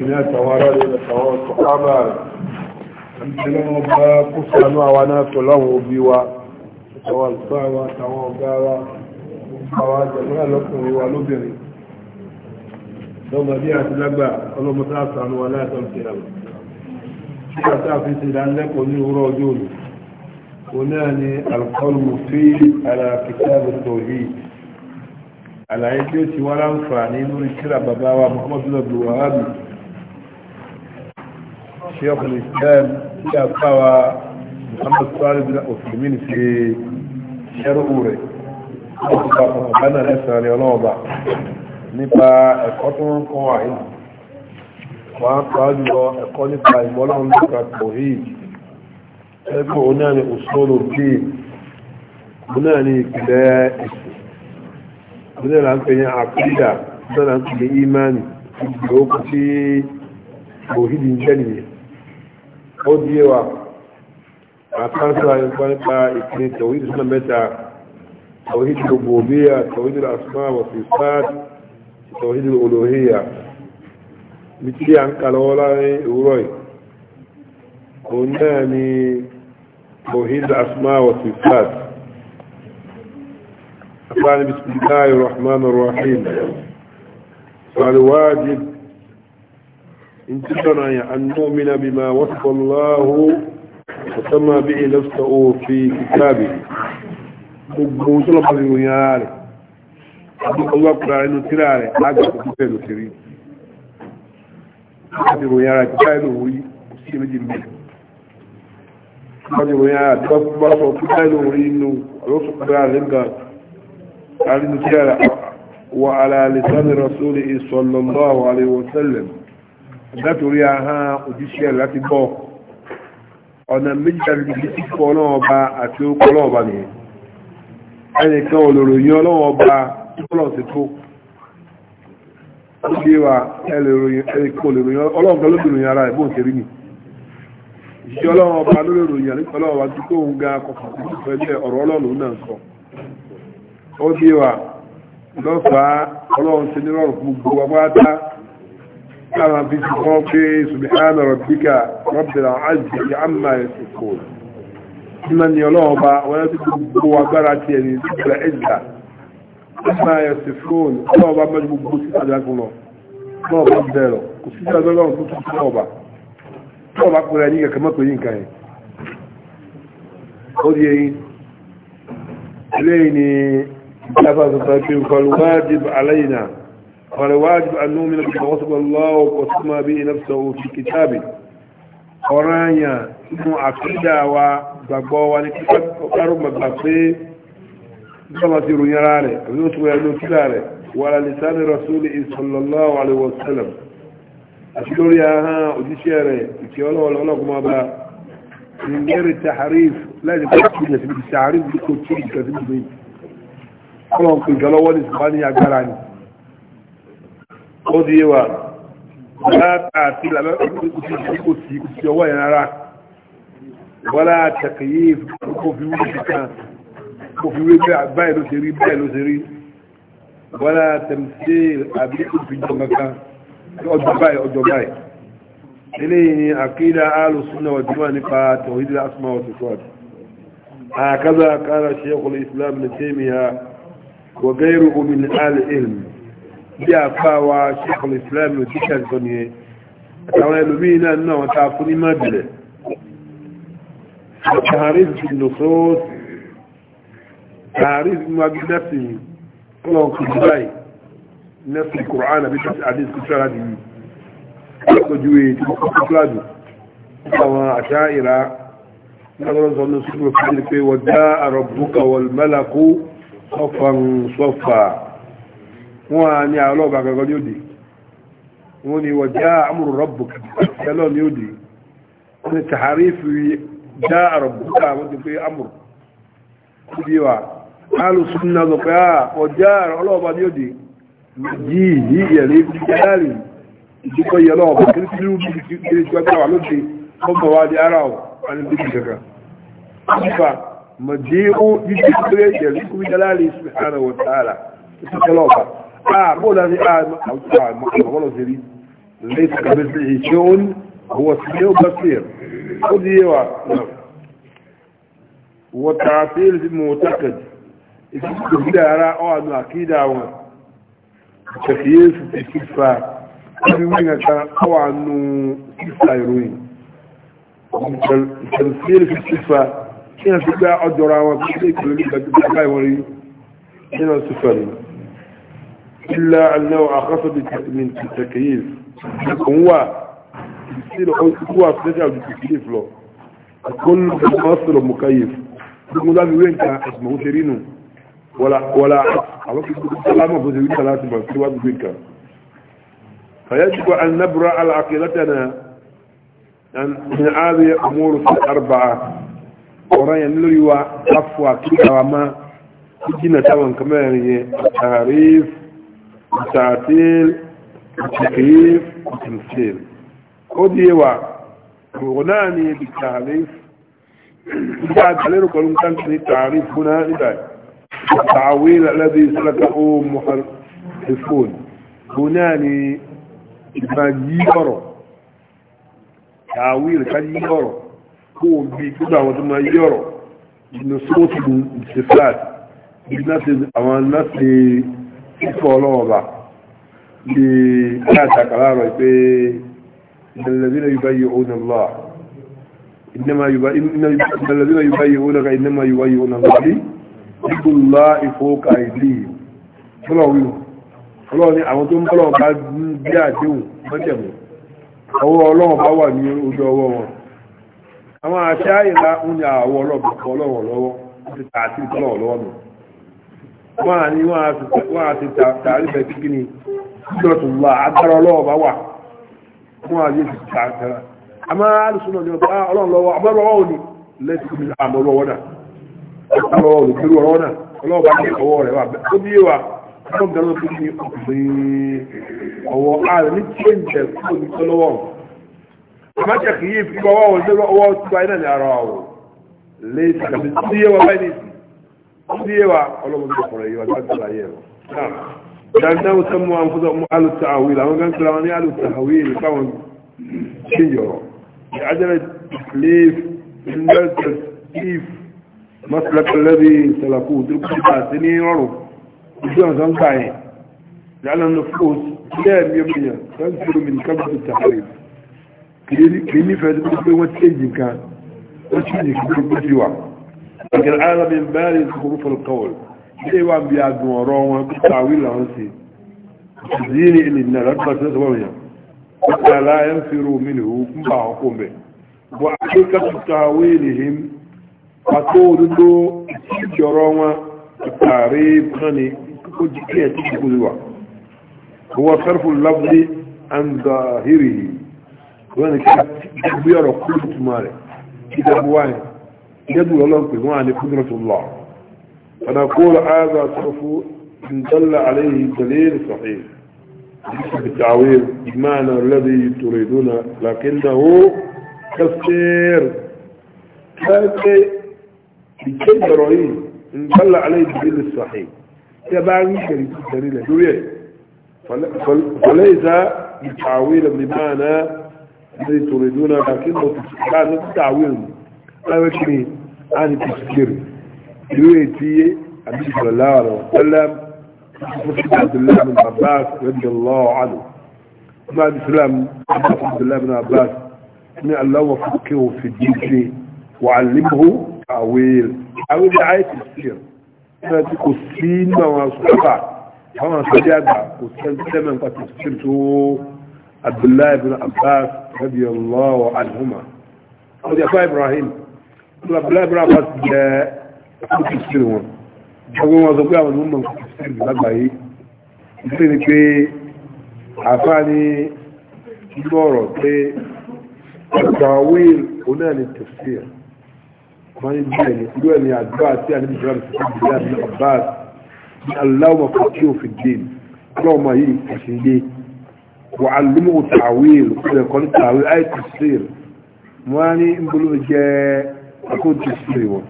ilé àtàwọn ará rẹ̀ àtàwọn sọ̀kábà rẹ̀ àmìtẹ́lẹ́ wọn bá kó sànú àwa náà tó láwọn òbí wa àtàwọn àlùfáà wa àtàwọn ọ̀gá wa àwọn àjẹmọ́lá lọ́kùnrin wa lóbìnrin lọ́mọdé àti lágbà ọlọ́mọdé àtàwọn wa láìsọ̀ ti rà kí àtà fi ti dá lẹ́kọ̀ọ́ ní òwúrọ̀ ọjọ́ òní òní àni alqawlu fi ala kitab at-tawhid àlàyé tí ó ti wá láǹfààní lórí kíra bàbá wa Muhammadu شيخ الإسلام في أفاوى محمد صالح بن أسلمين في شرع أوري أنا لسا لأنوضع nípa ẹ̀kọ́ tó ń kọ́ àyí wọ́n pa jùlọ ẹ̀kọ́ nípa ìmọ́láwọn nípa tawhid ẹgbẹ́ oní àni òṣòlò bí oní àni ìpìlẹ̀ ẹ̀sìn oní àni àpẹ ní àkídà oní àni àpẹ ní ìmánì ìgbè okùn tí tawhid ń jẹ́ nìyẹn ó di yé wa àkáǹtì wa nípa nípa ìpín tawhid sunna mẹ́ta tawhid rububiya tawhid asma wa sifat tawhid uluhiya bí tí a ń kà lọ́wọ́ láàrin ìwúrọ̀ yìí òun náà ni tawhid asma wa sifat أقال بسم الله الرحمن الرحيم فالواجب انتظرنا يعني أن نؤمن بما وصف الله وسمى به نفسه في كتابه مجموز لبضي ويالي أبو الله يقول قرأ عنه تلالي حاجة كتابه كريم كتابه يقول كتابه ويالي كتابه يقول كتابه ويالي كتابه ويالي كتابه ويالي كتابه ويالي وعلى لسان رسوله صلى الله عليه وسلم látòrí aha òjíṣẹ́ láti bọ́ ọ̀nà méjì tàbí kíkọ́ ọlọ́wọ́ ọba àti ókọ́ ọlọ́wọ́ ọba nìyẹn ẹnìkan olóró yín ọlọ́wọ́ ọba tọ́lọ̀sí tó bí wa ẹnìkan olóró yín ọlọ́wọ́ ọba ara rẹ̀ nke ṣe rí mi ìṣẹ́ ọlọ́wọ́ ọba lóbìnrin yín àti ọlọ́wọ́ ọba tó tóun ga kọkànlélẹ́fẹ́ أما في سخوفه سبحان ربك رب العزة عما يصفون من يلوبا ويتبقى وقرأت يعني ذكر العزة عما يصفون لوبا مجبوب بسيطة لكم لوبا بديرو كسيطة لوبا بسيطة لوبا لوبا قرانيك كما تقولين كاين ليني إليني كفى فالواجب علينا قال واجب أن نؤمن بالغصب الله وقسم به نفسه في كتابه قرانيا مو عقيدة و بقوة نكتب قرب مقاطي كما سيروا يراني ويوتوا يدوا كلاري وعلى لسان رسول صلى الله عليه وسلم أشكر يا ها أجيشيري كي ولا ولا ولا كما با من غير التحريف لا يتكلم في التحريف بكل شيء كذلك بي قلوا في قلوة الإسبانية ó di wà látàtí ìkòtí ọwọ́ ìran ara wọ́lá tẹ̀kìyí ìfòfinwé ìfìkan ìfòfinwé báyìí ló ṣe rí báyìí ló ṣe rí wọ́lá tẹ̀mṣe àbí ìfìjọ kankan ọjọ́ báyìí ọjọ́ báyìí eléyìí ni àkídà alùsùnà wàjúmọ́ nípa tọ̀hídì asma wàtútọ́ọ̀dì هكذا قال شيخ الإسلام ابن تيمية وغيره من آل العلم bí àfáà wa ṣẹ́kọ̀ọ́ islam ló díkà sọ nìyẹn àtàwọn ẹlòmíì náà nínú àwọn tá a fún ní má bìlẹ̀ tààríf nùsọ́ọ̀sì tààríf mabi nẹ́fì kọ́lọ̀ kùjú báyìí nẹ́fì kùránà bí tàbí àdínkù sára di yìí lọ́jọ́ èyí tó kọ́kọ́ fúlàjù àwọn àṣà ìra lọ́gbọ́n sọ ní sùgbọ́n fún mi pé wọ́n dá àrọ̀bùkà wọ́n mẹ́làkú sọ́fà sọ́fà wọ́n á ní àlọ́ọ̀bà gangan ní òde wọ́n ní wọ́n já amúrò rọ́bù kẹlọ́ ní òde wọ́n ní tàhárí fi já àrọ̀bù ká wọ́n ti pé amúrò kú bí wa alùsùn náà sọ pé wọ́n já ọlọ́ọ̀bà ní òde yìí yìí yẹ̀lẹ́ ìdíjáàlì ìdíkọ̀ yẹlọ́ ọ̀bà kí ní kí ní wà lóde ọmọ wa di ara ọ̀ wọ́n ní bí kankan. مجيء يجري يليق بجلاله سبحانه وتعالى تتلوبه bó láti àmọ́lọ̀ sí rí lẹ́sí kàbẹ́sí ìṣẹ́ òun هو سميع بصير خذ يوا وتعطيل المعتقد إذا أرى أو أكيد أو تخييس الكفة من كان أو أنه كفة يروين تمثيل في الكفة كان في بقى أدرى وكذلك لبقى وري هنا سفرين إلا أنه أخص من التكييف هو يصير هو أفتجع بالتكييف له كل مصر مكيف يقول لك وين اسمه شيرينو ولا ولا على كلامه بزوجين ثلاثة ما في واحد بينك فيجب أن نبرع على عقيدتنا أن من هذه الأمور الأربعة ورأي نلوي وعفوا كل ما كنا تمام يعني التعريف وتعتيل وتكييف وتمثيل وديوا وغناني بالتعريف بعد علينا كلهم كان التعريف هنا إلى التعويل الذي سلكه محرفون هناني من يرى تعويل كان يرى هو بيكون هو ما من صوت الصفات بالناس أو الناس kíkọ́ ọlọ́wọ́ba bí aláàtàkàlá rẹ̀ pé ìdàlẹ́bí náà yóò bá yí òun lọ́wọ́ إنما الذين يبايعونك إنما يبايعون الله يد الله فوق أيديهم فلو يو فلو ni àwọn tó ń bọ́lọ̀ bá bí àdéhùn mọ́jẹ̀mù ọwọ́ ọlọ́run bá wà ní ojú ọwọ́ wọn àwọn àṣà ìlà ń ní àwọ̀ ọlọ́bùkọ́ lọ́wọ́ ó tààtì ìtọ́lọ̀ ọlọ́run wọ́n á ní ti tààrífẹ̀ kíkí ni ìjọsùnlá agbára a sí yé wa ọlọ́mọdé ló kọ̀rọ̀ yé wa láti sọ̀rọ̀ ayé rẹ̀ dandan o sẹ́mu wa fúnṣọ mu alu tahawil àwọn kan sọ̀rọ̀ àwọn ní alu tahawil káwọn ṣe yọ̀rọ̀ ní ajẹ́rẹ́ tilif ndẹ́sẹ̀ tilif masalakalabi salafu turkutu o sí ní rọrùn ìjọ ọ̀sán gbà yẹn lálẹ́ ní fúlọ́s ilé ẹ̀mí ọmọnìyàn sọ́n fúru mi nìkan bí tahawil kì í nífẹ̀ẹ́ tó pé wọ́n ti ṣe nǹkan wọ́n ti ṣe nǹkan tó pé wọ́n ti wà. لكن أنا من بارد حروف القول ليه وان بيعد وراهم بالتعويل لهم سي تزيني إلي إن الأكبر تسوية حتى لا ينفروا منه مبع حكم به وحقيقة تعويلهم فتقول له جراما التعريب خني كل جئية تجي هو صرف اللفظ عن ظاهره وانا كتب يرى كل تمارك كتب واحد يدل على تجمعني قدرة الله فنقول هذا صرف إن دل عليه دليل صحيح ليس بالتعويض بمعنى الذي تريدون لكنه تفسير هذا بشيء رهيب إن دل عليه الدليل الصحيح يبقى يمكن الدليل دويه فليس بالتعويل بمعنى الذي تريدون لكنه كثير هذا التعويل عن التفكير دلوقتي النبي صلى الله عليه وسلم عبد الله بن عباس رضي الله عنه مع الإسلام عبد الله بن عباس من الله وفقه في الدين وعلمه تعويل تعويل دعاية تفسير أنا تقول سين وما سبقع وما سجادع وسين سمن قد تفسيرته عبد الله بن عباس رضي الله عنهما أو إبراهيم bíláàbíláà bá ti jẹ́ ọkùnkùn sílẹ̀ wọn gbogbo wọn sọ pé àwọn ọmọ ọkùnkùn sílẹ̀ lágbàáyé ìdílé ni pé àfá ní inú ọ̀rọ̀ pé ọ̀pọ̀ àwé onáà ni tẹ̀sí ẹ̀ wọ́n ní bẹ́ẹ̀ ni irú ẹ̀ ni àdúrà àti àníbi ìjọba ti fi ìdílé àti ọ̀bá ní aláwọ̀ fàkí òfin dé ọlọ́wọ́ máa yí ìpèsè ilé wà á lómọ̀ tàwé ìlú kọ́lẹ̀kọ́ ní tàwé àìtẹ̀sí ẹ̀ wọ́n á ní ń bolú jẹ́ akó ti sílé wọn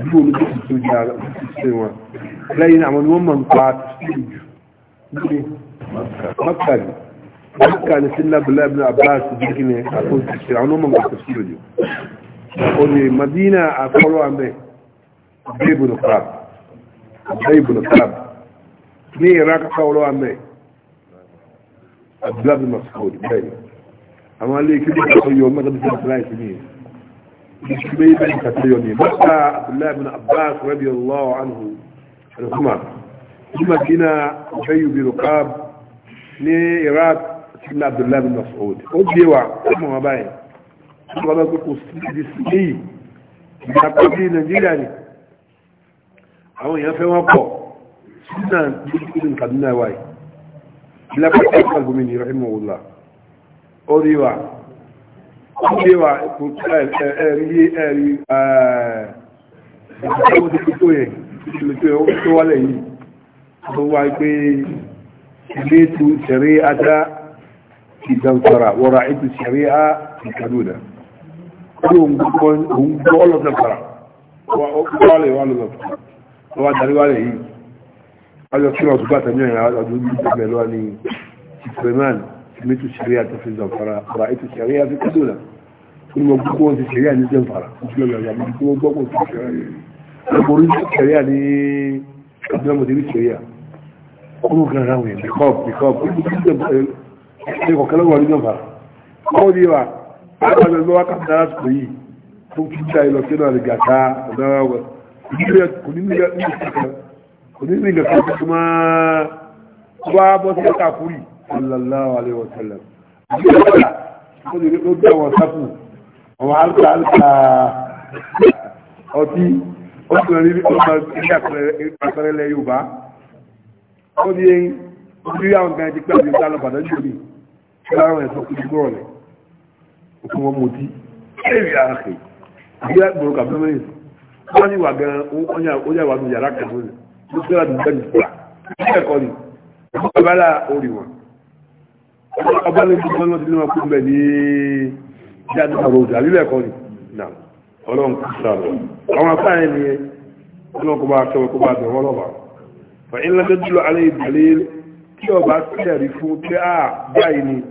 ìlú olú tó ti tó jẹ ara tó ti sílé wọn lẹ́yìn àwọn ni wọn mọ nípa sílé jù nílé mọkàlì mọkàlì sí lábìlá ibùdó abáàsì bí kí ni akó ti sílé àwọn ọmọ nǹkan sílé jù òní madina àkọlọ àmì bẹ́ẹ̀ ibùdó crab ní iraq àkọlọ àmì abdullahi masoud bẹ́ẹ̀ àwọn alẹ́ kí ló ń sọ yọ mẹ́ta bí sọ fúláìsì nìyẹn ìṣúgbé bẹ́ẹ̀ kàtíyọ̀ ní mọ́ta abdullahi bin abbas rabi allahu anhu alhuma ní madina bayu bi rukab ní iraq ti ní abdullahi bin mas'ud ó gbé wa ọmọ wa báyìí wọ́n bá gbé kò sí ìdí sí èyí ìdàpọ̀ bí nàìjíríà ni àwọn èèyàn fẹ́ wọ́n pọ̀ sínú ìdíkùn kaduna wáyé ìlàpọ̀ ẹ̀kọ́ gómìnà rahimahullah ó rí wa ìgbéwà ẹ̀rí ẹ̀rí ìgbàgbọ́ ti tó yẹ ìgbàgbọ́ ó tó wálẹ̀ yìí tó wá pé ilé tu ṣẹ̀rí ajá ìdáwùtara wọ́ra ètò ṣẹ̀rí á ìkàdúdà ó ń gbọ́ ọlọ́sẹ̀ fara wálẹ̀ wá darí wálẹ̀ yìí wájọ kí wọ́n tún bá tẹ̀lé ìrìn àjò ìgbàgbọ́ ní سمعت الشريعة في الزنفرة رأيت الشريعة في كدولة كل ما بقوا في الشريعة في الزنفرة مش لا لا كل ما بقوا في الشريعة أقول الشريعة لي قبل ما تبي الشريعة كل كان راوي بخاف بخاف كل كده ايوه كلام وارد الزنفرة هو دي بقى هذا اللي هو كان درس كوي كنت جاي لو كده رجعتا ده هو كل كل كل كل كل كل كل كل كل كل كل sallallahu alaihi wasallam ó lè ló gbé àwọn sáfù àwọn alka alka ọtí ó sì lọ rí ọmọ ilé àpẹẹrẹ ilẹ̀ Yorùbá ó ní orí àwọn kan ti pẹ́ àti ìta lọ bàtà jù ní ṣé láwọn ẹ̀sọ́ kú ju gbọ́rọ̀ lẹ̀ òkú wọn mọ̀ tí ẹ̀rí àkè ìdí àgbòrò kàbẹ́mẹ́rin wọ́n ní wà gan ó yà wà nù yàrá kan lónìí ló fẹ́ràn nígbà nígbà ẹ̀kọ́ ni ọ̀pọ̀ bá la orí wọn abálẹ̀ tó tán lọ́dún náà kún bẹ̀ ní jáde àrò òjà lílẹ̀ ẹ̀kọ́ ni náà ọlọ́run kò sàrọ̀ àwọn afáyẹ̀ ni ọlọ́run kò bá kẹwẹ́ kó bá bẹ̀ wọ́n lọ́wọ́ fa in lọ́dún jùlọ alẹ́ ìdàlẹ́ tí ọba tẹ̀rí fún pé a báyìí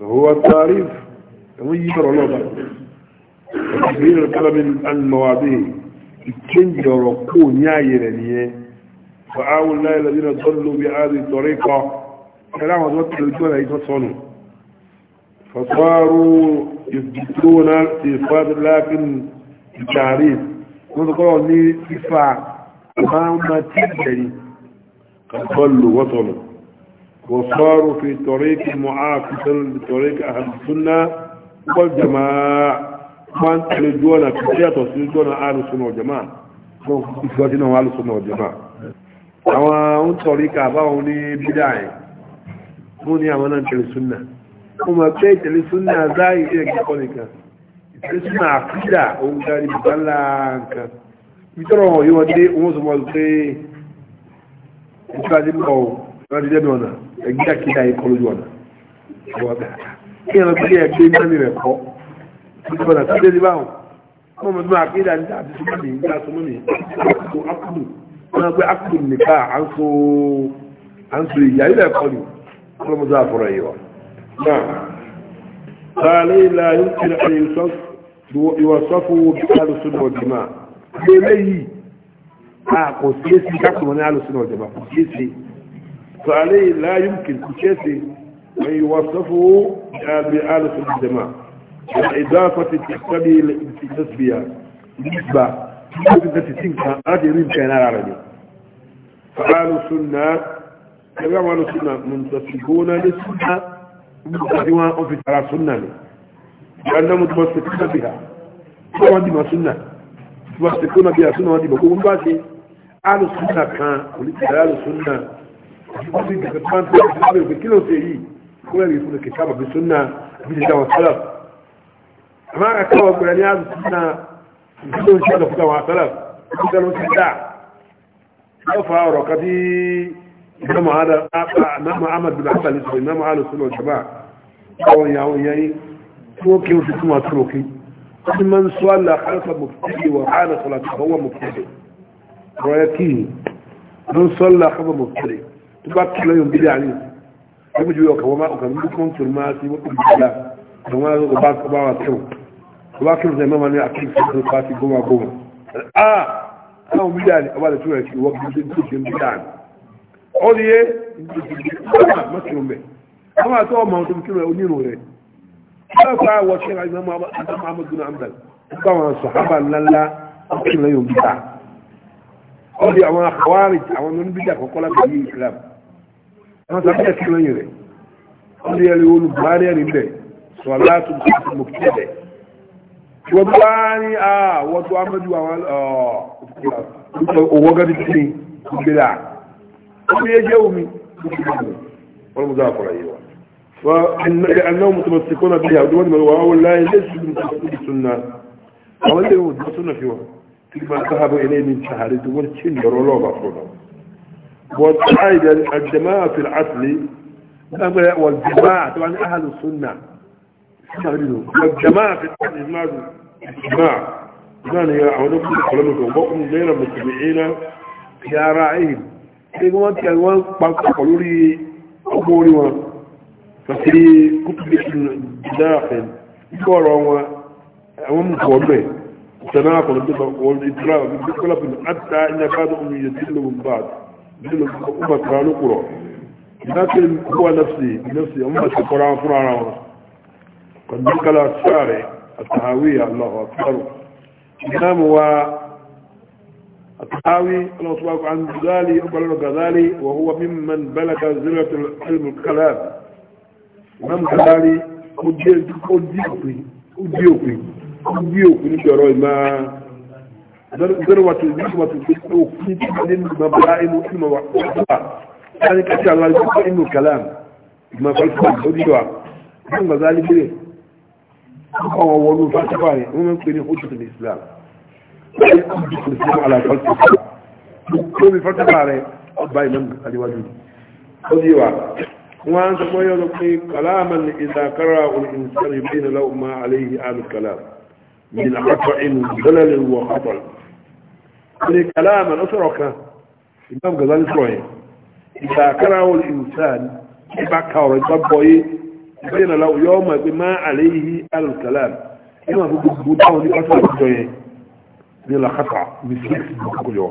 ọ̀rọ̀ kò ní àyè rẹ̀ nìyẹn fa àwọn láyé lọ́dún tọ́lú bí a tọ́rí kan ẹ̀rọ àwọn tó tẹ̀lé ojú ọ̀rẹ́ ìtọ́ sọnù fọ̀sọ́rù ìdúrónà ti fọ́dúnláfin ìtàrí wọ́n tó kọ́rọ̀ ní fífà máa ń ma tí ìjẹ̀rí kàtọ́lù wọ́sọ̀nù fọ̀sọ́rù fi tọ̀ríkì mọ́àfisàn tọ̀ríkì àhàbùsúnná wọ́n jama'a máa ń tẹ̀lé ojú ọ̀nà kí tí yàtọ̀ sí ojú àwọn ń tọ̀ríkà báwọn ní bídà yìí mú ní àwọn náà tẹ̀lé súnà mo mọ̀ pé ìtẹ̀lé súnà záì ilẹ̀ kíkọ́ nìkan ìtẹ̀lé súnà àkídà òun darí bùbá ńlá nǹkan ibi tọ́rọ wọn yóò dé òun sọ wọn pé ìtura dé mọ̀ ọ́ wọn ti dẹ́nu ọ̀nà ẹgbẹ́ àkídà yìí kọ́ lójú ọ̀nà kí ẹran tó dé ẹgbẹ́ mẹ́rin rẹ̀ kọ́ ìtura ọ̀nà tó dé ní báwọn wọ́n mọ̀ كل المضاف أيوة نعم قال لا يمكن أن يوصف يوصفه بأهل السنة والجماعة ليه أقول سيسي كاكو من أهل السنة والجماعة سيسي فعليه لا يمكن كشيسي أن يوصفه بأهل السنة والجماعة الإضافة تقتضي التسبية نسبة تقتضي تسبية أجرين كان عربي فأهل السنة ẹgbẹ́ àwọn alùsùnà mùtàsígbóná ní súnà mùtàsí wọn ọ̀fi tara súnà ni ìyáná mo ti mọ sí kúnà bìhà tí wọ́n dì mọ súnà tí wọ́n sì kúnà bìhà súnà wọn dì mọ kó wọ́n bá ṣe alùsùnà kan olùsùnà alùsùnà wọ́n ti dìgbà kí ló ṣe yìí kó إمام هذا إمام أحمد بن حنبل اسمه إمام أهل السنة والجماعة أو يعني توكي وتسمى توكي من صلى خلف مبتدي وحال صلاة هو مبتدي رأيكي من صلى خلف مبتدي تبقى كل يوم بدي عليه يوم جو يوم كم أو كم يوم كم تلما تي وكم بلا كم أو كم بعد كم بعد كم تبقى زي ما ماني أكيد في كل قاتي قوم قوم آه أنا بدي عليه أبغى أشوف وقت جديد بدي عليه ọdún yẹ ọmọ mọ́kìrún bẹ̀ ọmọ àti ọmọ ọdún mọ́kìrún rẹ̀ onírun rẹ̀ ọmọ àti àwọn ọṣẹ́ rẹ̀ ìmọ̀ amọ̀dún amdal nípa àwọn sọ̀hábà ńláńlá ọkùnrin lẹ́yìn òbí ta ọdún àwọn àwárí àwọn oníbíjà kọ̀kọ́ láti yí Islam àwọn sàbíyà kí lẹ́yìn rẹ̀ ọdún yẹ lóyún Buhari ẹ̀rí bẹ̀ sọ̀lá tó ti mọ̀ kí bẹ̀ wọ́n tó ní àwọn tó wá àwọn ọ̀ọ́ وفي يومي والمضاف إليه فلأنهم متمسكون بها ودون هو لا ليس بمتمسك بالسنة أولا يوم السنة في واحد فيما ذهبوا إليه من شهر دول تشين ولو بأخونا وأيضا الجماعة في العسل نعم، والجماعة طبعا أهل السنة الجماعة يعني في العسل ماذا؟ الجماعة كان يعودون في الحلمة وبقوا غير متبعين يا راعين ṣe ni wọ́n tẹ̀ wọ́n papọ̀ lórí ọmọ orí wọn fàṣírí kútùbí ìdáàfẹ́ nígbà ọ̀rọ̀ wọn àwọn mú pọ̀ bẹ̀ ìṣẹ̀lẹ̀ àkọlù tó wọ́n ìtura bí kọ́lápù ní àtà ilẹ̀ káàdù omi yẹ ti lóun bá ti lóun ọmọ tura ló nafsi nafsi ọmọ ti kọ́ra wọn fúnra ara wọn kọ̀dúkàlà sáré àtàwé àlọ́ àkọ́rù الطحاوي الله سبحانه عن الغزالي أقبل الغزالي وهو ممن بلغ زلة علم الكلام إمام غزالي أديوكي أديوكي أديوكي نجرى ما ذروة النجوة في تعليم مبائن علم وعطاء يعني كتير الله يقول علم الكلام ما فلسفة أديوها إمام الغزالي بيه أقوى ولو فاتفاني ومن كان يخشة الإسلام báyìí kò bí kò sí àlà ìfọ́sí tó bí fọ́tíkà rẹ̀ ọba ìlú àdíwájú ó ní wà wọ́n á ń sọpọ̀ yọ́ lọ pé kàláàmà ní ìdàkára olùsọ́rì bí nílá ọmọ aléyìí alùkàlà ní àkọ́tọ̀ inú dọ́lẹ̀lẹ̀ wọ ọ̀pọ̀ ní kàláàmà ó sọ̀rọ̀ kan ìgbàm gazali sọ̀rọ̀ yẹn ìdàkára olùsọ́rì ìbá ka ọ̀rọ̀ ìgbà bọ̀ yé bí nílá ọmọ ẹgbẹ́ má aléyìí alùkàlà ìgbà gbogbo táwọn ní pásítọ̀ àtijọ́ yẹn ní làkàtà mistakes kò yọ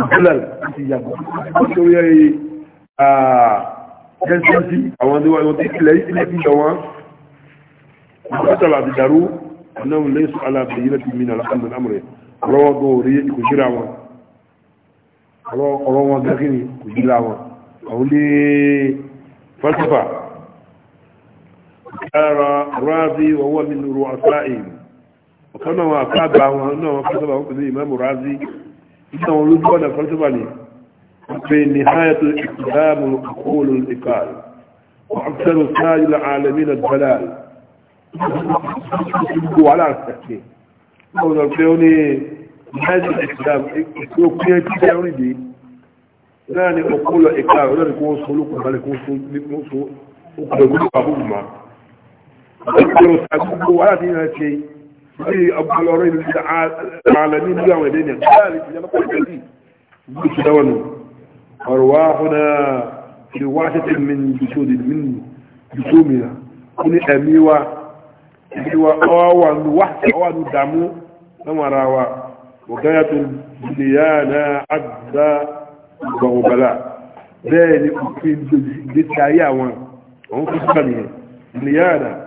ìpínlẹ̀ àti ìyàgbọ́ nítorí ẹ̀ẹ́dẹ́sí àwọn ẹ̀wọ̀n tí ilẹ̀ ilẹ̀ fi jọ wọn làkàtàlà àti dàrú ọ̀nàmù lẹ́sọ̀ aláàbẹ̀ yìí láti mìíràn láti mìíràn amúrẹ̀ ọ̀rọ̀ tó rí kò jíra wọn ọ̀rọ̀ wọn gẹ́gẹ́ ni kò jíra wọn àwọn ilé falsafa kára rázi wọ́wọ́ mi nùrù àṣà èyí ọ̀kan náà wọn àfáàgbà wọn náà wọn fọ́sọ́bà wọn pẹ̀lú ìmáàmù razi nígbà wọn lójú ọ̀nà fọ́sọ́bà ni pé ní hayatu ìdáàmù àkóòlù ìkàl wọn àfẹ́rù sáájú alẹ́mí na dọ́là gbogbo wàhálà àṣàkè wọn lọ pé ó ní hayatu ìdáàmù ìkó kúnyẹ tí ó rí di náà ni àkóòlù ìkàl ó lọ́dún kó wọ́n so olókùn balẹ̀ kó wọ́n so okùn ẹ̀gbọ́n pàbùmá. Wọ́n ti gbogbo wàhálà tí wọ́n ṣe في الأمرين العالمين جاءوا إلينا ذلك جنب الجديد بس دون أرواحنا في واحدة من جسود من جسومنا كل أميوة أميوة أوان وحدة أوان دمو نمراوا وكانت ديانا عبدا وبلاء بين في الدنيا وان هم في الدنيا ديانا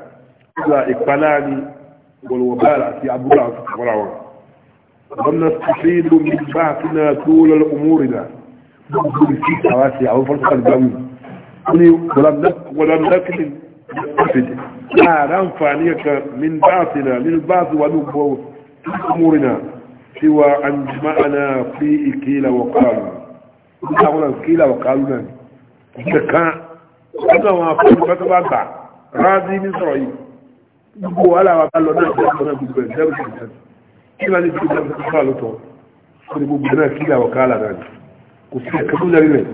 إلى إقبالاني والوبال في عبد الله وراءه ونستفيد من بعثنا طول الأمور ده نقول في حواسي أو فرصة الجوي ولم نكن نستفيد لا ننفع لك من بعثنا للبعث في أمورنا سوى أن جمعنا في كيل وقالوا أولا كيل وقالوا نعم. لنا كان أنا ما أقول فتبع راضي من سرعي gbogbo wàhálà wa ká lọ náà jẹ́ ọmọ náà gbogbo ẹ̀ zero six seven kí wàá ní ti gbogbo ẹ̀ fún àlùtọ̀ kó ní gbogbo náà kí làwọn káàlà náà ni kò sí ẹ̀ka tó darí rẹ̀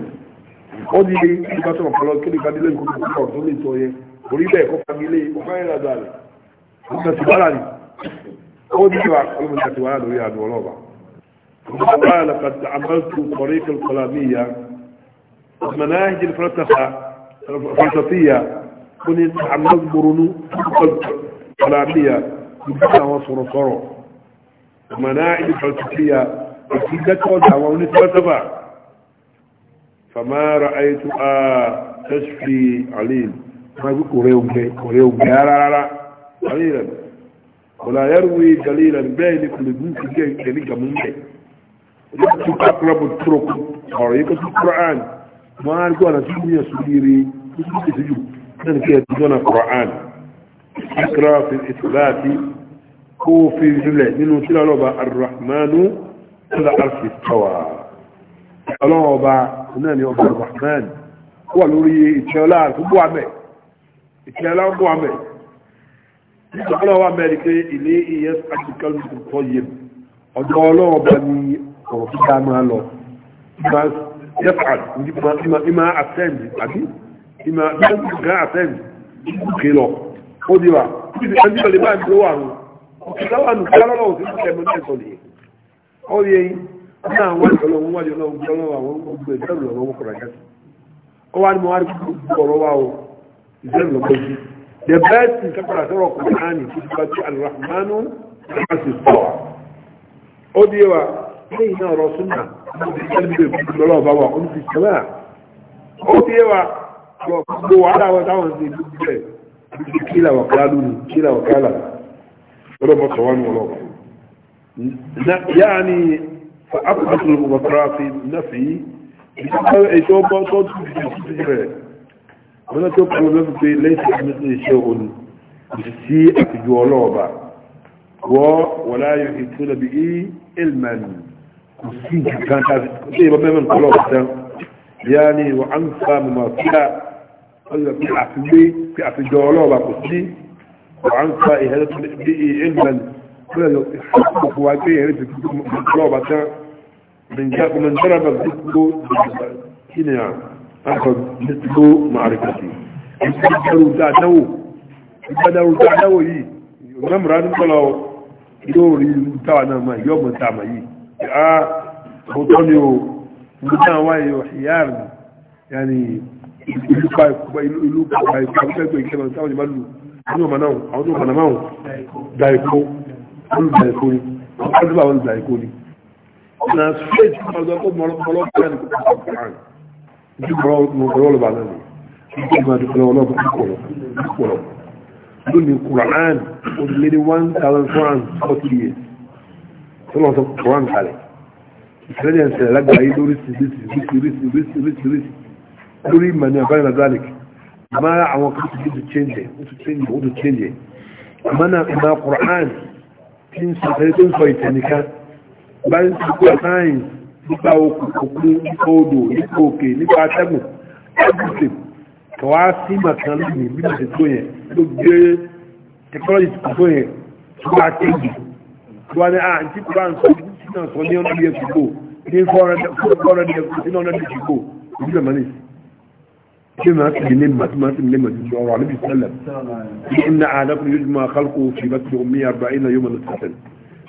ó di ìgbà tó ọ̀pọ̀lọ kí ni ìgbàdílé nǹkan tó àti wàhálà lórí àdó عملت طريق القلمية ومناهج الفلسفة الفلسفية كنت عملت برنو kọlábíyà ìdílé àwọn sọ̀rọ̀sọ̀rọ̀ mọ̀nà ìlú fàlsífíyà àti ìdẹ́kọ̀ọ́dà àwọn onífẹ́sọ́fà fàmárà àyètò à tẹ́sífì àlèyìn máa gbé kòrè ògbé kòrè ògbé rárá àlèyìn kòlà yẹ́rùwé galíyìn bẹ́ẹ̀ ni kò lè gún kìí kẹ́ni gàmú mẹ́ yóò ká kúrọ́bù tórókù ọ̀rọ̀ yìí kó ní kí ikra fi isbati kó fi rilẹ̀ nínú tíra lọ́ba arrahmanu ala arfi tawa ọlọ́wọ́ ọba náà ni ọba arrahman wà lórí ìtẹ́ọlá àtúgbò àmẹ́ ìtẹ́ọlá ń bọ̀ àmẹ́ nígbà ọlọ́wọ́ àmẹ́ rí pé ilé es article ní ìtọ́ yẹn ọjọ́ ọlọ́wọ́ ọba ni ọ̀rọ̀ tó dá ìmá àtẹ́ǹdì àbí ìmá àtẹ́ǹdì gan lọ ó di wa ẹjú ọ̀lẹ́ máa ń dúró wà wọn ìdáwà nù kálọ́lọ́ òsì ní ẹ̀mọ́ ní ẹ̀sọ̀ nìyẹn ó rí eyín ní àwọn kila wakalu ni kila wakala ọlọ́mọ sọ̀wọ́nù ọlọ́mọ yaani fa abudu wakarafi nafi ètò ọgbọ́ tó ti rẹ̀ wọn tó kọ́ lọ́wọ́ fi pé lẹ́sìn àmì iṣẹ́ òní kò sí àtijọ́ ọlọ́ọ̀ba wọ́ wọ́lá yóò ètò nàbí í ilmẹ̀lì kò sí kan káfí kò sí ìbọn mẹ́rin kọ́lọ́ọ̀ba tán yaani wọ́n á ń fa ọjọ́ pé àfiwé pé àfijọ ọlọ́ọ̀bà kò sí ọ̀rọ̀ ń fa ìhẹ́lẹ́ tó bí i england bí ẹ̀lọ́ ìfọ̀kọ̀ wa gbé ìhẹ́lẹ́ tó ọlọ́ọ̀bà e tán nàìjíríà bá gbogbo kí ni à ń kọ gbogbo màrífàtì ìgbàdàrú dáadáwò ìgbàdàrú dáadáwò yìí mẹ́mùrà ń tọ́lọ yóò rí táwa náà ìlú pa ìkúpa ìlú ìlú pa ìkúpa ìgbẹ́gbẹ́ ìkẹlẹ̀ ọ̀sán àwọn ìbálò àwọn ọmọ náà àwọn tó kànáà máa da ìkó wọn da ìkó ni wọn kájú bá wọn da ìkó ni. na straight ọ̀dọ́ tó mọ̀lọ́kọ̀ọ́ ní kókò kọ̀ọ̀kan ju mọ̀lọ́kọ̀ọ́ lọ́ba náà ni kí ọmọ àdúgbò ọlọ́ba kọ̀ọ̀lọ́ kọ̀ọ̀lọ́ lónìí Quran odilẹ́ni one thousand four hundred forty years tó lọ sọ Quran kalẹ̀ ìṣẹ̀lẹ̀ ìṣẹ̀lẹ̀ lágbàáyé lórí sí lórí ìmọ̀ ní àbáyé mazalik àmá àwọn kan ti ti change ó ti change ó ti change àmá náà ìmọ̀ Qur'an tí ń sàtẹ́lẹ́ tó ń sọ ìtẹ̀nìká bá ń sọ pé sáyìn nípa òkun nípa odò nípa òkè nípa atẹ́gùn everything kọ̀wá sí màkàn lónìí bí mo ti tó yẹn ló gbé technology ti tó yẹn tó bá change tó wá ní à ah, ń tí kò bá ń sọ ní ọ̀nà yẹn kò kò ní four hundred four hundred six hundred kò kò ní bẹ̀rẹ̀ mọ́nìí كما في لمة ما في لمة الشعور عليه وسلم إن عادكم يجمع خلقه في بطن أمية أربعين يوما نتحسن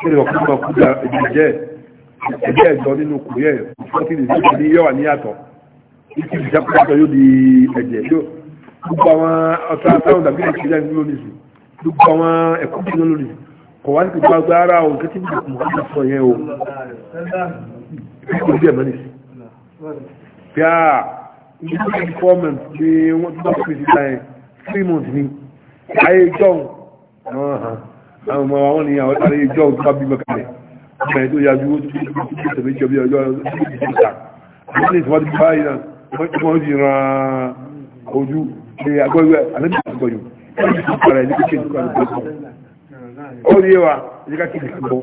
كده وكما كده الجاء الجاء الجانين وكوية وفاتي لزيك دي يو عنياته يكي بشاقة يو دي الجاء شو gbogbo àwọn ọ̀tá àtàwọn dàbí ìṣẹ́lẹ̀ nínú nìsí gbogbo àwọn ẹ̀kọ́ tí wọ́n lórí kò wá ní kò gbogbo ara ìdílé four months ni wọ́n tún bá pèsè ìgbà yẹn three months ni ayé jọ́hún àwọn ọmọ àwọn ni àwọn ayé jọ́hún tó bá bímọ kalẹ̀ ọmọ ẹ̀ tó yà ju ojú tó tó tẹ̀lé jọ bí ọjọ́ ọjọ́ ìgbà àwọn ènìyàn ti bá yìí náà wọ́n ti ràn ojú ní agbẹ́gbẹ́ àlejò àgbọ̀yò wọ́n ti sọ̀rọ̀ ẹ̀ ní kékeré nípa àgbẹ̀kọ́ ó ní wa ní ká kékeré kọ́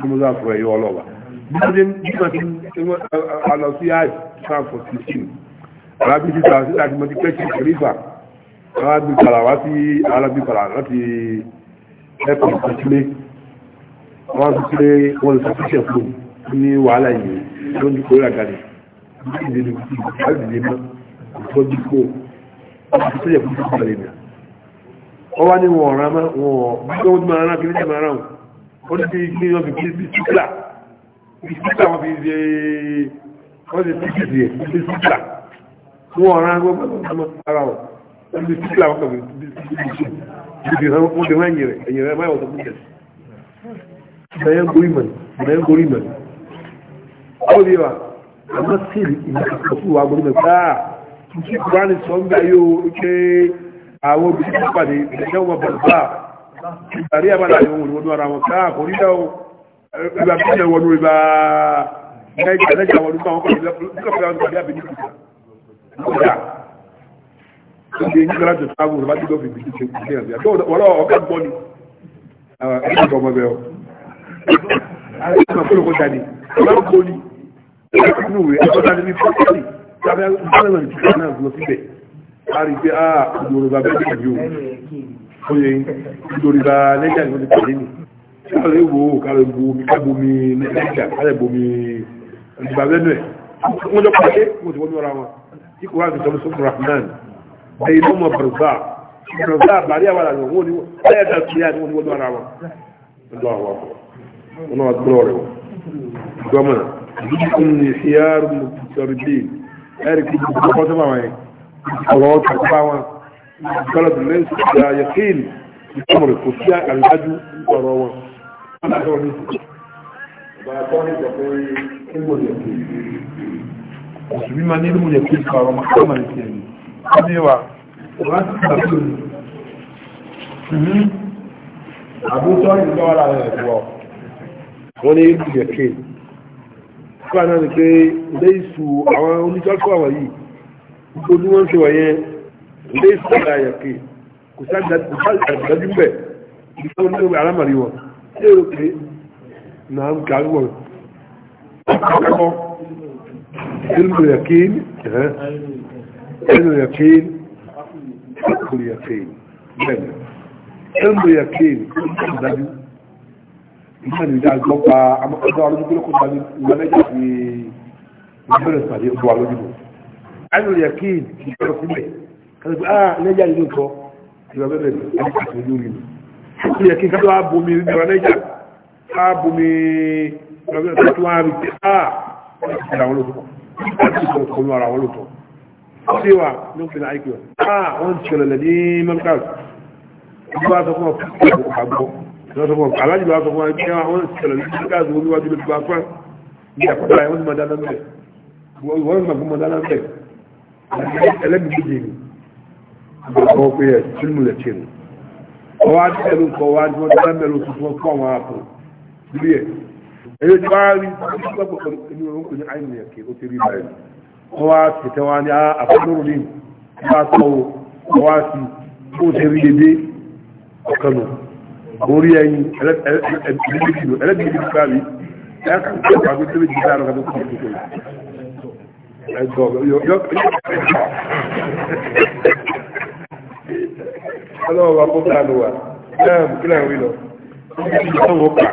ní mo sá fọ ẹ̀yọ́ ọlọ́wà bí wọ́n ti ń bí wọ́n ti ń alọ sí àìsàn fọ́ sí sí alábí títà sí láti mọ́tí pẹ́kì rífà alábí kàlà wá sí alábí kàlà láti ẹ̀kọ́ ìsọ́sílé wọ́n sílé wọ́n lè sàfíṣẹ̀ fún ní wàhálà yìí ló ní kórè àgàdì ìdílé ìdílé mọ́ ìtọ́jú kó sàfíṣẹ̀ fún ìtọ́jú kàlẹ̀ nà wọ́n wá ní wọ̀n ọ̀rá mọ́ wọ́n bí wọ́n ti máa rán kiri jẹ́ máa rán wọ́n ti fi kí wọ́n fi kí bí síkìlà bí síkìlà wọ́n fi ṣe wọ́n ti fi kí wọn ọ̀ràn agbó mọ́ ara ọ̀ ẹni tí kí làwọn kàwé bìbì hàn wọ́n ti hàn ẹ̀yìn rẹ̀ ẹ̀yìn rẹ̀ máa wọ̀ tó kúkẹ́ ìdáyẹ̀ ń gorí mọ̀lì ìdáyẹ̀ ń gorí mọ̀lì ó di wa àmọ́ sí ìmọ̀ ìkọ̀kọ̀ wa gbọ́dọ̀ gbáà kí kúránì sọ ń gbà yóò ṣe àwọn obìnrin tó pàdé ìdájọ́ wọn bọ̀ gbà ìgbàrí àbádà ni wọn wọnú ara wọn káà kò rí dá o ìgbà tó ń wọnú ìgbà ẹgbẹ̀rẹ́gbẹ̀ àwọn olùkọ́ àwọn kọ̀ọ̀lẹ́ kódà ó ṣe ní gbọ́dọ̀ tó tábù ló bá dídọ̀ fi bìtì ṣe kù ní ẹ̀sìn àti ọ̀rọ̀ ọ̀gá gbọ́ ni ẹ̀sìn ìjọ ọmọ ẹ̀bẹ̀ ọ́ àti ìjọ ọmọ jáde ọ̀gá gbọ́ ni inú rẹ̀ ẹ̀kọ́ jáde ní fọ́ọ̀tì sábẹ́ ìgbàlẹ̀ ìjọba náà lọ síbẹ̀ a rí pé ah Yorùbá bẹ́ẹ̀ ni yóò oye Yorùbá lẹ́jà ni wọ́n ti pàdé ni kálẹ̀ wo kálẹ̀ bomi kábomi lẹ́jà kálẹ̀ bomi ìgbàlẹ́ nù ẹ̀ wọ́n jọ pàdé wọ́n ti wọ́n ní ọ̀rọ̀ àwọn tí kò wá fi sọmọ sọmọ rahman ẹyin ló mọ bàrùbá bàrùbá àbárí àwọn àlọ wọn ni wọn ẹdá tó yá ni wọn ni wọn ara wọn ọdọ àwọn akọ wọn náà gbọrọ rẹ wọn gbọmọ dúkùn ní fiyàrù sọrìbí ẹrí kí ní kókó tó máa wáyé ọ̀rọ̀ tàkùbá wọn kọlọ tó lẹ́yìn tó ti yà kéèlì kò sí àrídájú ọ̀rọ̀ wọn. Bàbá tó ní musulmi ma ní ilmù yẹ kí ìfàwọ̀ makama ní ti ẹni níwà láti tàbí àbútọ́ ìlọ́ra rẹ̀ wọ̀ wọ́n ní ilmù yẹ kí nígbà náà ni pé ilé ìsù àwọn oníjọ́kọ̀ àwọn yìí gbogbo ní wọ́n ń ṣe wọ̀nyẹn ilé ìsù ọ̀la yẹ kí kò sáà dájú bẹ̀ ìfowó ní alámàrí wọn ṣé èrò pé náà ń ga wọ̀ علم اليقين علم اليقين حق اليقين بل علم اليقين dájú ìmọ̀ ní ìdá àjọ pa ọjọ́ alójúgbólókò dájú ìmọ̀lẹ́jà fi ìbẹ̀rẹ̀ pàdé ọjọ́ alójúgbò علم اليقين ìbẹ̀rẹ̀ sílẹ̀ kàtàkì ah lẹ́jà nínú ìtọ́ ìbẹ̀rẹ̀ bẹ̀rẹ̀ ẹni kàtàkì ojú rí mi حق اليقين kàtàkì ààbò mi ìbẹ̀rẹ̀ lẹ́jà ààbò mi ìbẹ̀rẹ̀ bẹ̀rẹ̀ ara wọn lóòótọ́ láti sọ ọkọlù ara wọn lóòótọ́ ṣé wà ní òfin àìkú rẹ̀ ah wọ́n ti ṣẹlẹ̀ ní mẹ́kàl ìlú wa sọ fún ọkọ̀ àgbọ̀ ìlú wa sọ fún ọkọ̀ alájùlọ wa sọ fún ọkọ̀ wọ́n ti ṣẹlẹ̀ ní mẹ́kàl olúwájú ló ti bá fún ní àkọ́kọ́ àyẹ̀wò ti máa dáná bẹ́ẹ̀ wọ́n ti tuntun fún àwọn àpò lórí èyí ti wá rí gbogbo ẹni wọn kò ní àìní ẹ̀kẹ́ ó ti rí báyìí wọ́n wá tètè wá a àfẹ́lórò ní bá sọ o wọ́n wá sí ó ti rí dédé ọ̀kan nù orí ẹyin ẹlẹ́bìrì nù ẹlẹ́bìrì nù báyìí ẹ̀yà kan tó wà pé tó lè jìdá àrùn kan tó kù ní kòkòrò ẹ̀gbọ́n yọ yọ ọlọ́wọ́ wa kó kílà ló wà kílà ń wí lọ kílà ń wọ́pàá.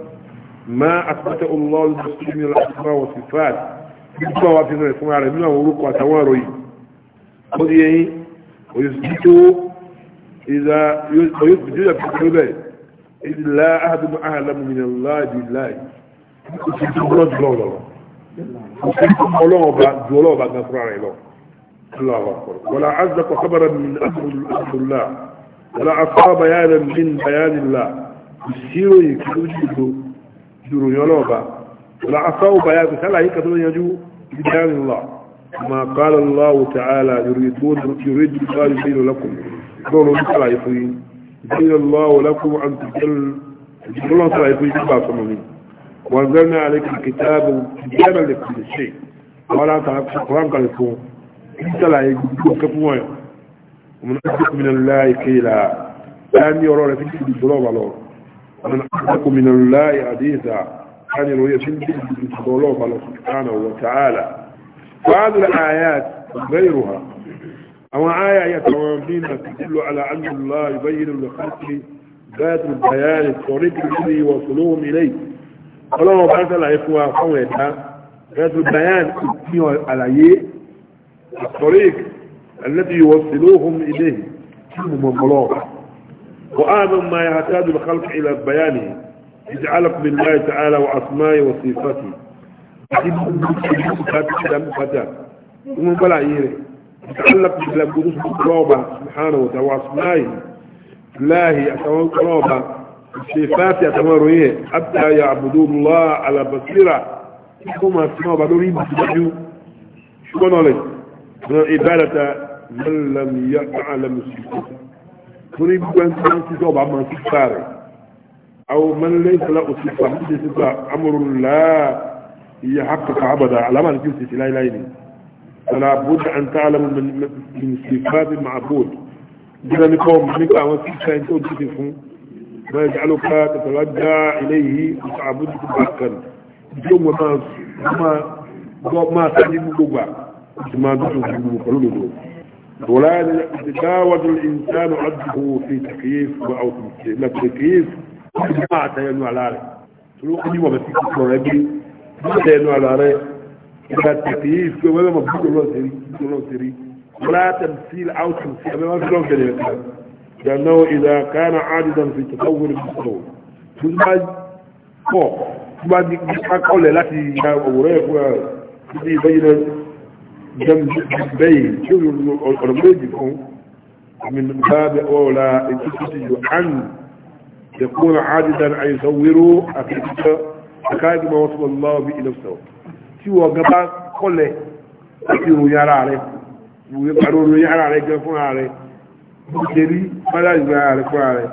ما أثبت الله من الأسماء وصفات بسماء وصفات على العلمية وروق وتواري قد يهي ويثبت إذا ويثبت إذا في قلبه إلا أحد أعلم من الله بالله ويثبت الله جلال الله ويثبت الله جلال بعد نصر الله الله أكبر ولا عزك خبرا من أمر الله ولا أصاب بيانا من بيان الله يسيره يكتبه جرو يلوبا ولا عصوا بيا بسلا هيك تقول يجو بدان الله ما قال الله تعالى يريدون يريد الله يبين لكم دونوا بسلا يفين يبين الله لكم أن تجل يقول الله تعالى يفين جبا سمامين وانزلنا عليك الكتاب جبا لكل شيء ولا تعرف شكرا قلتون بسلا يجبون كفوين ومن أجل من الله كيلا لا يرى لفين جبا لكم ومن أحدك من الله حديثا كان الرؤية في الدولوب الله سبحانه وتعالى فهذه الآيات غيرها أو آية يتوامين تدل على أن الله يبين لخلقه ذات البيان الطريق الذي يوصلهم إليه ولو بعث الله يفوى قويتها ذات البيان على الطريق الذي يوصلوهم إليه كلهم من وأعظم ما يعتاد الخلق إلى بيانه اجعلك من الله تعالى وأسمائه وصفاته ومن بلا يري يتعلق بالقدوس بالقرابة سبحانه وتعالى وأسمائه الله أتمنى قرابة صفاته أتمنى حتى يعبدون الله على بصيرة ثم أسماء بدوري بسجد شكرا لك من العبادة من لم يعلم صفاته torí gbogbo ẹni tó ń sísọ ọba máa sísá rẹ̀ àwọn mẹ́lẹ́lẹ́ ìfẹ́lá òsì fà mí ṣe sísá amúrúnlá iye hakaka abada alamari kí o sì sí láíláí ni sọlá bóde à ń tá alamu min sifaati maabod jẹ́ ní kọ́ nípa àwọn sísá ẹni tó dìde fún bẹ́ẹ̀ jẹ́ alóka tẹ̀sọ̀lá já ilé yìí ọ̀sán àbójú tó bá kan tí ó mọ̀ máa gbọ́ máa sáájú gbogbo gbà ó sì máa dúró gbogbo pẹ̀lú lòdò ولا يتجاوز الإنسان عده في تكييف أو تمثيل لا تكييف ما تينو على رأي سلوك دي وبسيط الرجل ما تينو على رأي إذا التكييف ولا مبدو الله سري الله سري ولا تمثيل أو تمثيل ما في لون كلمة لأنه إذا كان عاجزا في تصور المصدور ثم فوق ثم بعد حق قول لا تي أوراق ولا تي جنبين شوف الأرميجكم من باب أولى التسجد عن يكون عاددا أن يصوروا أكيد أكاد ما وصف الله به نفسه شو قبع كله أكيد يرى عليه ويقعون يرى عليه يقفون عليه مجري فلا يرى عليه يقفون عليه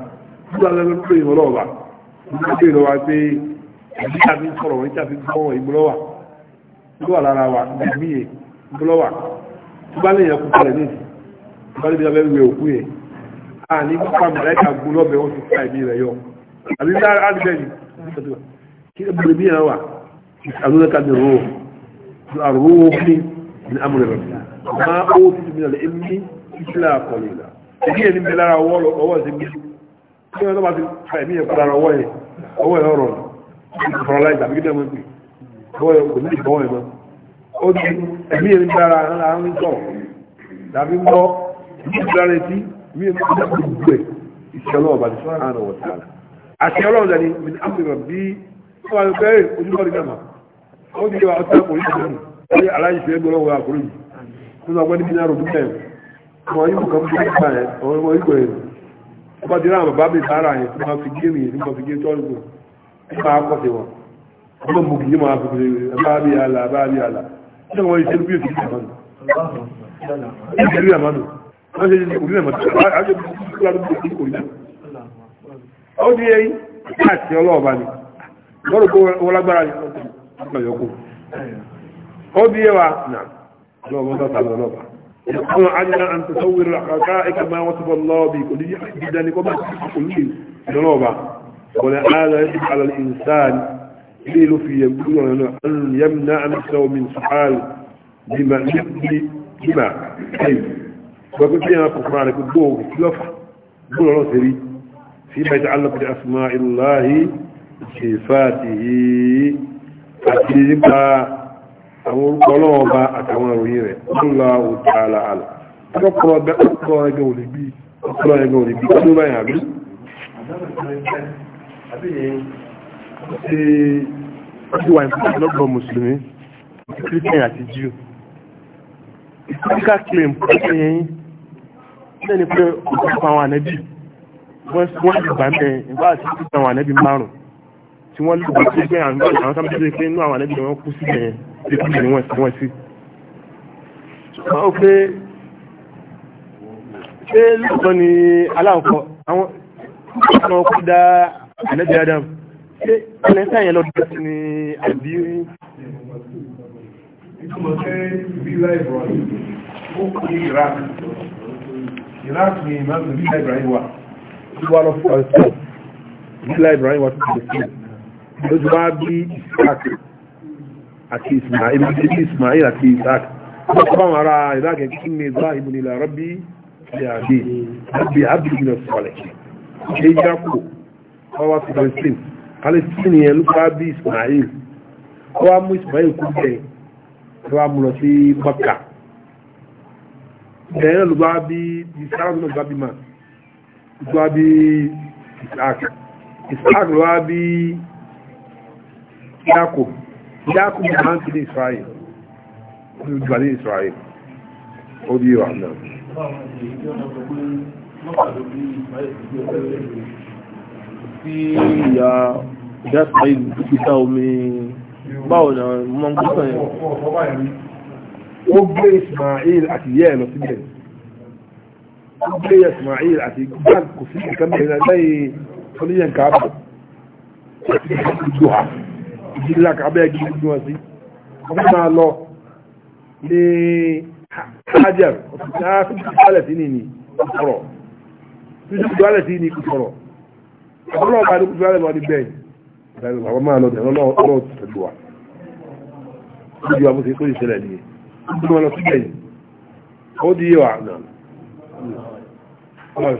nígbà lẹ́nu pé ìrọ̀lọ́ wà nígbà pé ìrọ̀wà pé ìdíjà fi ń sọ̀rọ̀ ìdíjà fi ń gbọ́ ìmúlọ́wà ló wà lára wa ní ìmíye bọ́lọ́wà tó bá lèyàn kú kalẹ̀ nídìí tó bá lè bíi abẹ́rẹ́ òkú yẹn a ní pápá mọ̀láìkà gún lọ́bẹ̀ wọ́n ti pa ẹ̀mí rẹ̀ yọ àbí ní àdìgbẹ́ni kí ẹ bẹ̀rẹ̀ bí yẹn wà àlùkà ní rò àrùwò ní ní amúlẹ̀ rẹ̀ má ó ti mi nàlẹ́ èmi ìṣẹ̀lẹ̀ àkọlẹ̀ ìlà èmi yẹn ní mi lára ọwọ́ ẹ̀sẹ̀ mi kí wọ́n bá ti pa ẹ̀mí yẹn ọwọ́ yẹn ọwọ́ yẹn ó di ẹ̀mí ẹ̀mí dára láàrin tọ̀ tàbí ń bọ́ ní ìdára etí mí ẹ̀mí ọdún gbogbo ẹ̀ ìṣẹ̀lọ́ ọ̀bà tí wọ́n rán ọ̀wọ̀ tààrà àti ọlọ́run lẹ́ni mi ní àmì rẹ̀ bí ó wà lókè ojúbọ̀ ní gàmà ó di wa ọtí ọkùnrin tó lù ó ní aláìsí fẹ́ gbọ́ lọ́wọ́ àkùnrin yìí tó lọ gbọ́dí bínú àròdún bẹ́ẹ̀ ọmọ yìí kan bí nípa yẹn ọmọ yìí kò yẹn ọba ti rán bàbá mi sára yẹn tó máa fi gé mi yẹn tó máa fi gé tọ́lù kù nípa akọ́sẹ̀ wọn ọmọ mògì yìí máa fi gé mi bá bí àlà bá bí àlà e wọ́n ṣe bí òṣèlú àmàlù ìṣèlú àmàlù wọ́n ṣe ṣe orí àmàlù àjọ ìṣèlú àmàlù ìṣèlú التقليل في يقولون أن يمنع نفسه من سحال بما بما كيف وقلت لي أنا قرآن قلت له لفع قول الله سري فيما يتعلق بأسماء الله صفاته أتيبا أمور قلوبا أتواريه الله تعالى أعلم أقرأ بأقرأ قولي بي أقرأ قولي بي قلوا ما يعمل أبي أبي wọ́n ti wà ní púpọ̀ lọ́gbọ̀n mùsùlùmí àti christian àti jew historical claim kọ́ sí ẹyin ní ẹni pé ọ̀pọ̀ àwọn ànẹ́bí wọ́n ti gbà mẹ́ ìgbà àti ìgbà àwọn ànẹ́bí márùn tí wọ́n lù wọ́n tó gbé àwọn sábà tó pé inú àwọn ànẹ́bí wọn kú sí ẹ̀yẹn tí kú ní wọ́n sí wọ́n sí. ṣùgbọ́n ó pé ṣé lóòótọ́ ni aláǹkọ àwọn ọkọ̀ dá ànẹ́bí Adam ṣé ẹni tí àyẹ̀lọ dúró sí ni àbí rí. ìtumọ̀ fẹ́ bílá Ibrahim ó kú ní Iraq Iraq ni ìmáàmù bílá Ibrahim wà tó wà lọ fún ọ̀sán bílá Ibrahim wà tó kù sí lójú wá bí Isaac àti Ismail Ismail àti Isaac wọ́n kọ́ àwọn ará Iraq kí ni Ibrahim ní ilẹ̀ rọ́bí ilẹ̀ àbí àbí àbí ìgbìmọ̀ sọ̀rọ̀ ṣe é yá wọ́n wá palestine yẹn ló bá bí ismail ó wá mú ismail kú bẹ́ẹ̀ ó wá mú lọ sí maka bẹ́ẹ̀ ló bá bí isaac ló bá bí ma ló bá bí isaac isaac ló bá bí jacob jacob ló bá ń ní israel ó ló gbà ní israel ó bí wà náà sí ìyá ìdásá ìgbìta omi báwo náà mọ́ gbọ́sàn yẹn ó gbé Ismail àti yẹ́ ẹ̀ lọ síbẹ̀ ó gbé Ismail àti gbáà kò sí ìkàmẹ́rin náà lẹ́yìn oníyẹn kàábà ìjọha ìjìlá kàbẹ́ ẹgbẹ́ ìgbìmọ̀ sí ọmọ máa lọ ní hajjar ọ̀sán tí a fi jù sálẹ̀ sí ní ìkọ̀rọ̀ ọlọ́wọ́ bá dúkú sáré lọ ní bẹ́ẹ̀ ìdájọ́ àwọn máa lọ bẹ̀rẹ̀ ọlọ́wọ́ tẹ̀lú wa lójú wa bó ṣe tó ṣe ṣẹlẹ̀ nìyẹn ó ti lọ síbẹ̀ yìí ó di yíwa náà. àwọn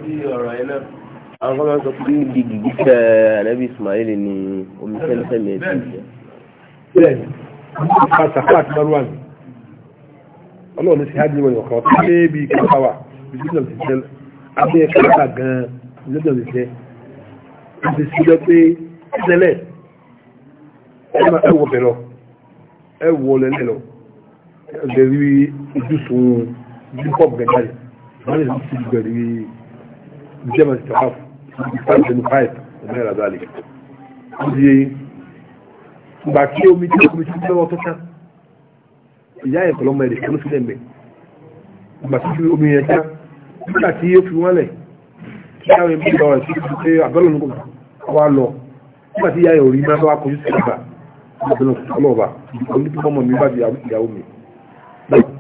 kan máa ń sọ pé igi gigi tẹ anabi Ismail ni omi fẹlẹfẹlẹ ẹ ti jẹ. bẹ́ẹ̀ni àwọn kan máa sàkóso àti lọrùn àná ọlọ́run ní sí hajj wọn ọ̀kan ọ̀kan lébi kápá wa bísí náà ti ìdí síjọ pé ìṣẹ̀lẹ̀ ẹwọ bẹ̀rọ ẹwọ lẹ́lẹ̀ lọ ẹgbẹ̀rí ìdúsùn jípọ̀pù gẹ̀gẹ̀rẹ̀ wọ́n lè sí ìgbẹ̀rí german staff 525 ọmọlẹ́ra zálì ọdí ìgbà tí omi tí omi tí lọ́wọ́ tó ká ìyá ẹ̀kọ́ lọ́mọ ẹ̀rẹ̀ kan sílẹ̀ mẹ́ ìgbà tí omi yẹn ká nígbà tí ó fi wọ́n lẹ̀ yáwé bí lọ sí pé àbẹ́lò ní kò wá lọ nígbà tí yáyẹ̀ orí máa wá kojú sí ọba àbẹ́lò ọlọ́ọ̀bà ìdíkọ̀ọ́lù tó mọ̀ mi bá di ìyàwó mi láti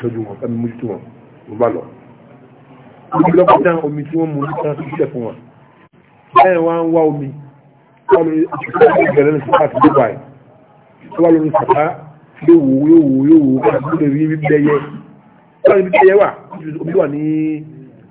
tọ́jú wọn ẹni mójútó wọn mo bá lọ. omi lọ́pọ̀ náà omi tí wọ́n mú ní kan sí ìṣẹ̀ fún wọn. báyẹn wá ń wá omi wọ́n lórí ìṣẹ̀lẹ̀ ìbẹ̀rẹ̀ ní sàkà àti dùbà ẹ̀ wọ́n lórí sàkà yóò wò yóò wò yóò wò kí wọ́n lè rí bíbí ẹyẹ wọ́n lè rí bíbí ẹyẹ wà omi wà ní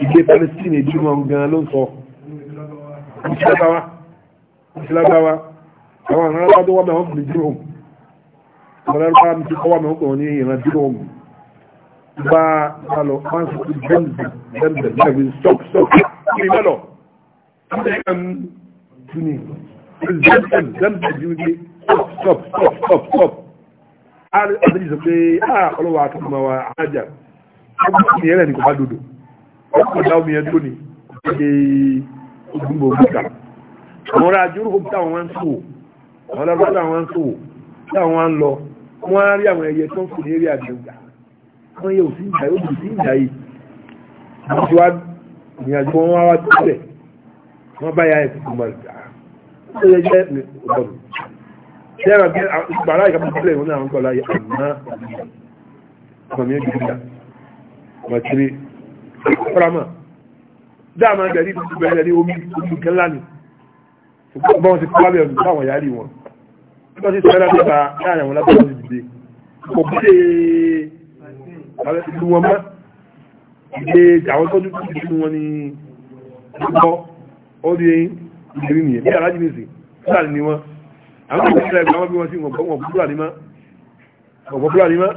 ilé palestine ìdúmọ̀ gan ló ń sọ ìṣẹ́lábáwá àwọn àwọn arábá tó wà mẹ́wọ́n kò ní dúró àwọn arábá tó kọ́wà mẹ́wọ́n kò ní ìran dúró ọmọ bá alọ̀ wọ́n sì ti bẹ́ẹ̀lì bẹ́ẹ̀lì bẹ́ẹ̀lì stop stop kí mẹ́lọ̀ tuni bẹ́ẹ̀lì bẹ́ẹ̀lì bẹ́ẹ̀lì stop stop stop stop a rí sọ pé a ah, ọlọ́wà àtúmọ̀ wa àjà ọgbọ́n ìyẹ́rẹ́ ni kò bá dodo ọkùnrin omi ẹdún ni ìdè ìgbìmọ̀ òkúta àwọn ará ajúrùkú táwọn wọn ń sòwò àwọn alábọ́ táwọn wọn ń sòwò táwọn wọn ń lọ wọ́n á rí àwọn ẹyẹ tó ń fò ní eré àjọgbà wọ́n yẹ òsì ìjà yóò dùn sí ìjà yìí àwọn tí fúramọ̀ dáàmà gẹ̀rí tó bẹ̀rẹ̀ ní omi ìkẹ́ ńlá ni bọ́n ti pàbẹ̀ ọ̀nà báwọn yàrí wọn tó ti sẹ́rẹ́ pípa láàrin àwọn lábẹ́ ọ̀nà ìdìde kò bí lè ìlú wọn mọ́ ìdè àwọn tó dúdú ìlú wọn ni gbọ́ ó di ìlérí nìyẹn bí alájí ní sí fúlàní ni wọn àwọn tó sẹ́rẹ́ pípa wọn bí wọn sí wọn gbọ́ wọn fúlàní mọ́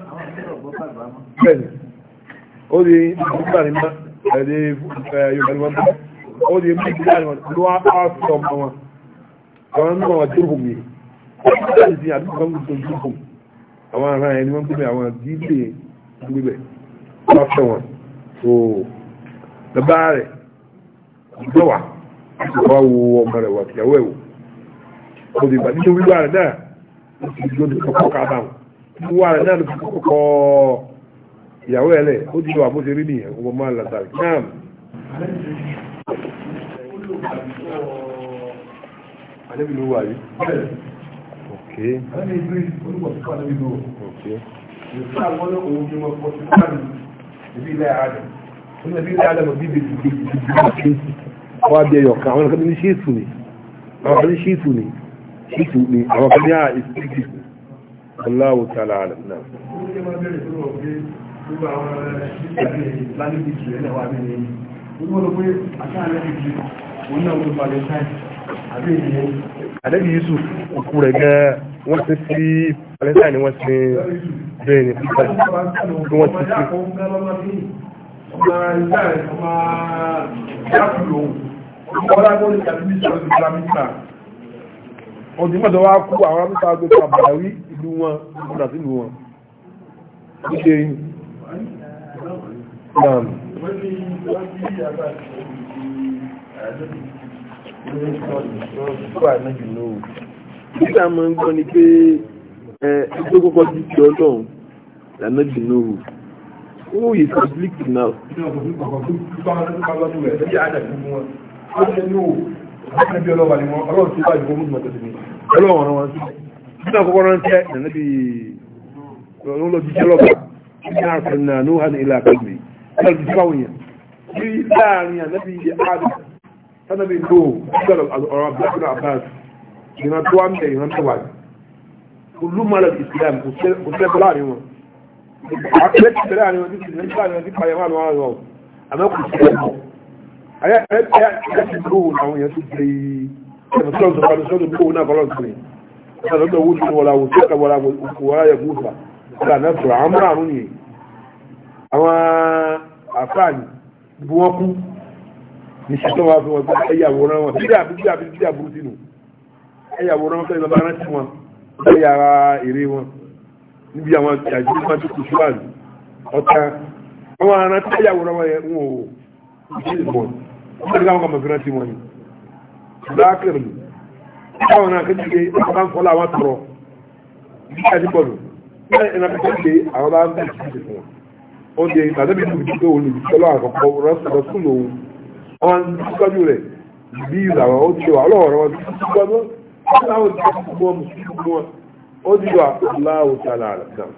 ó di ìgbà ní má ẹ̀dẹ́ yorùbá ní wọ́n bá ó di ìgbà ní wọ́n ló wá á fi ọmọ wọn àwọn ọmọ wọn tó hùm yìí ó di àdúgbò kan tó tó hùm àwọn ará ẹni wọ́n ìyàwó ẹlẹ ó ti wà bó ṣe rí nìyẹn ọmọ máa ń làtàrí náà. alẹ́ mi ló wà yìí. ok. alẹ́ mi ìdúrí olùkọ́ tó kọ́ alẹ́ mi ló wà. ok. ìfẹ́ àwọn olóòwò ni wọ́n kọ́ sí káàdì ìbí ilẹ̀ àdà wọ́n bí ilẹ̀ àdà mọ̀ bí bèbè bèbè. wọ́n á bí ẹyọ kan àwọn kan ní ṣéètù ni àwọn kan ní ṣéètù ni ṣéètù ni àwọn kan ní àìsíkì. Allahu ta'ala náà gbogbo àwọn ẹgbẹ́ ìlànìkì ìṣẹ̀lẹ̀ náà wà ní ẹni gbogbo ló pé àtàrẹ ìjì òun náà wọ́n balẹ̀ táì àbí ìyẹn àdẹ́bí yusuf òkú rẹ̀ gan wọ́n ti sí valentine ni wọ́n ti bẹ́ẹ̀ ni pípa tí wọ́n ti sí ọdún mọ́tọ̀ wá kú àwọn amúta gbogbo àbàwí ìlú wọn ìlú wọn ìlú wọn Naam. Títà máa ń gbọ́ ni pé ẹgbẹ́ kọ́kọ́ ti ti ọlọ́run lànà dìnnòwò. Who is conflict now? Ọlọ́run ọ̀rọ̀ wọn sí. Títà kọ́kọ́ rántí ẹ̀ nàbí ọlọ́run lọ jíjẹ́ lọ́gbà. Títà àfẹ́ nà Nóhàn ilé àkàgbé ẹgbẹ̀rún ní láàrin ànábì ilẹ̀ àdì sánábì ló gbọ́dọ̀ ọ̀rọ̀ abdul abbas ìran tó wá ń bẹ̀ ìran mẹ́wàá ni olúmọ̀lẹ̀ islam kò sẹ́kọ̀ láàrin wọn àpẹẹrẹ láàrin wọn títí ìrìn láàrin wọn tí pàyẹ wà lọ́wọ́ rọ àmọ́ kò sí ẹ̀kọ́ ayé ti ló àwọn èèyàn tó gbé ẹ̀mọ̀ tó lọ́sọ̀ pàdé sọ́dọ̀ tó náà kọ́lọ́ sí ọ̀sọ̀dọ̀ wù sí wọlá wù sí ọ̀kà wọlá wù wọlá yẹ kú fà ọ̀là náà sọ̀rọ̀ àwọn márùn-ún nìyẹn àwọn àfáàní bu wọn kú ní ṣe tán wá fún wọn pé ẹyàwòrán wọn bídà bídà bídà burú sínú ẹyàwòrán wọn fẹ́ lọ bá rántí wọn lọ́yà ara èrè wọn níbi àwọn àjò wọn tó kù síwájú ọ̀tá àwọn arántí ẹyàwòrán wọn yẹn ń wò ó sí ìbọn wọ́n ti ká wọn kà mọ̀ fi rántí wọn ni láàkìrì táwọn náà kéjìké bá ń fọlá àwọn tọrọ bí i àti bọ́ọ̀lù ní ẹ̀nà kéjìké àwọn bá ń bẹ̀rẹ̀ sí ìdè fún oúnjẹ ìgbàdébí ní ìdílé òun ìdílé àkọ́kọ́ rọ́sùn lòun wọn síwájú rẹ̀ bí ìlànà ó ti wà ọlọ́wọ́ wọn síwájú aláwọ̀ tí wọ́n mú wọn mú wọn ó ti wà aláwọ̀ tí a là rẹ̀ dàn.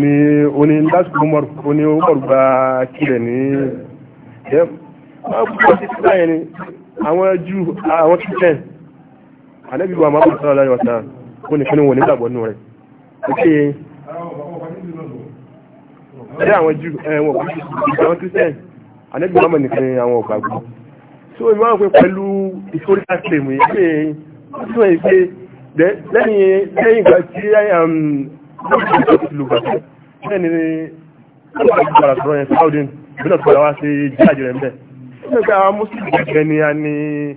Ní oní lásìkò oní Umaru gba kílẹ̀ ní ẹ̀ máa bú ọtí sílẹ̀ yẹn ni àwọn Júù àwọn kíkẹ́ ànábì wa máa bọ̀ sọ́rọ̀ láyọ̀ ọ̀tá ó ní kínú wọn nígbàgbọ́ nù rẹ̀ òkè ẹ̀dá àwọn jù ẹ̀wọ̀n kò sí àwọn christian ànábì wa máa nìkan àwọn ọ̀gbàgbọ́ so ìwà wọn pé pẹ̀lú historical claim yìí pé ó tún ẹ̀ pé lẹ́yìn lẹ́yìn ìgbà tí lẹ́yìn um, ni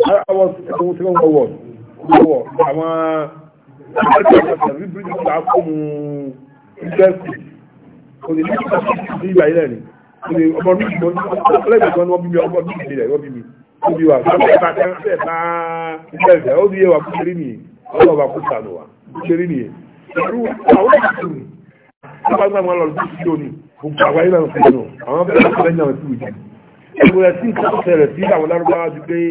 àwọn ọ̀sán tí wọ́n wọ̀ wọ̀ àwọn ẹgbẹ̀rún bíbí ní àkómù ìgbẹ́sì kò lè ní ìgbàsí ìgbà ilẹ̀ ni kò lè ọmọ mi ìgbọ́n ọlẹ́gbẹ̀ẹ́ kan wọ́n bí mi ọmọ mi ìgbẹ̀rẹ̀ wọ́n bí mi ó bí wa fún ẹ̀ka ẹ̀ka ẹ̀ka ìgbẹ̀rẹ̀ ó bí yẹ wa kó ṣeré nìyẹn ọlọ́wọ́ wa kó sànù wa ṣeré nìyẹn irú àwọn ìgbàsí nígbàgbà wọn lọ sí ìṣó ni gbogbo àwa ilẹ̀ ọ̀sẹ̀ náà àwọn bẹ̀rẹ̀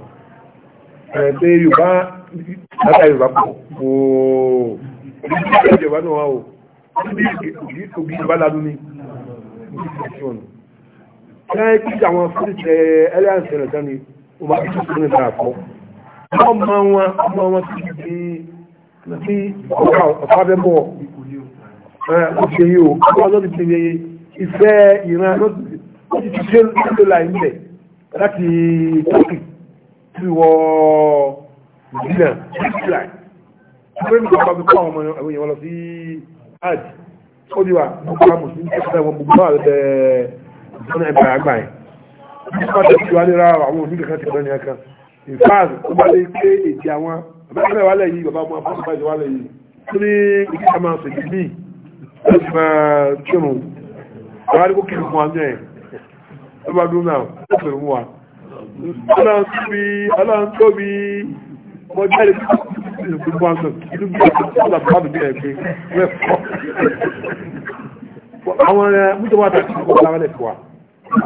ẹ̀ẹ́dẹ́ yorùbá látà yorùbá pọ̀ ooo ìdíjẹ́ yorùbá náà wà o ìdí ògì yorùbá lánú ni ṣáà kí àwọn fúlìṣẹ́ ẹlẹ́yànsẹ̀ rẹ̀ dání o máa tún fún nípa àkọ́ wọ́n ma wọn ọmọ wọn ti di sí ọ̀pá bẹ́ bọ̀ ó ṣe yìí o ọmọ ló ti ti ní ìfẹ́ ìran ló ti ti ṣe ló láì ń bẹ̀ láti tókì tí wọ́n ìdílà ìdílà pé ní ọba bí kọ́ àwọn ọmọ ẹ̀wọ̀n yẹn wọ́n lọ sí hajj ó di wa gbogbo àwọn mùsùlùmí tó fẹ́ wọn gbogbo àwọn ẹ̀ ìjọba ẹ̀bà àgbà yẹn nípa tó ti wá nira àwọn òní kankan ti gbọ́ ní ẹ̀kan in fact tó bá lè pé èdè àwọn abẹ́rẹ́ wálẹ̀ yìí bàbá ọmọ afọ́nù bá wálẹ̀ fún wa ẹ̀ ẹ̀ náà ó fèrè mú wa ọlọ́run tóbi ọlọ́run tóbi mo jáde nínú gbogbo àwọn ìlú bí ọ̀sán ọ̀sán àbúrò bí ẹ̀gbẹ́ rẹ̀ fọ́ àwọn ẹ̀ mújọ wà tàbí ọ̀pọ̀ láwọn ẹ̀fọ́ wa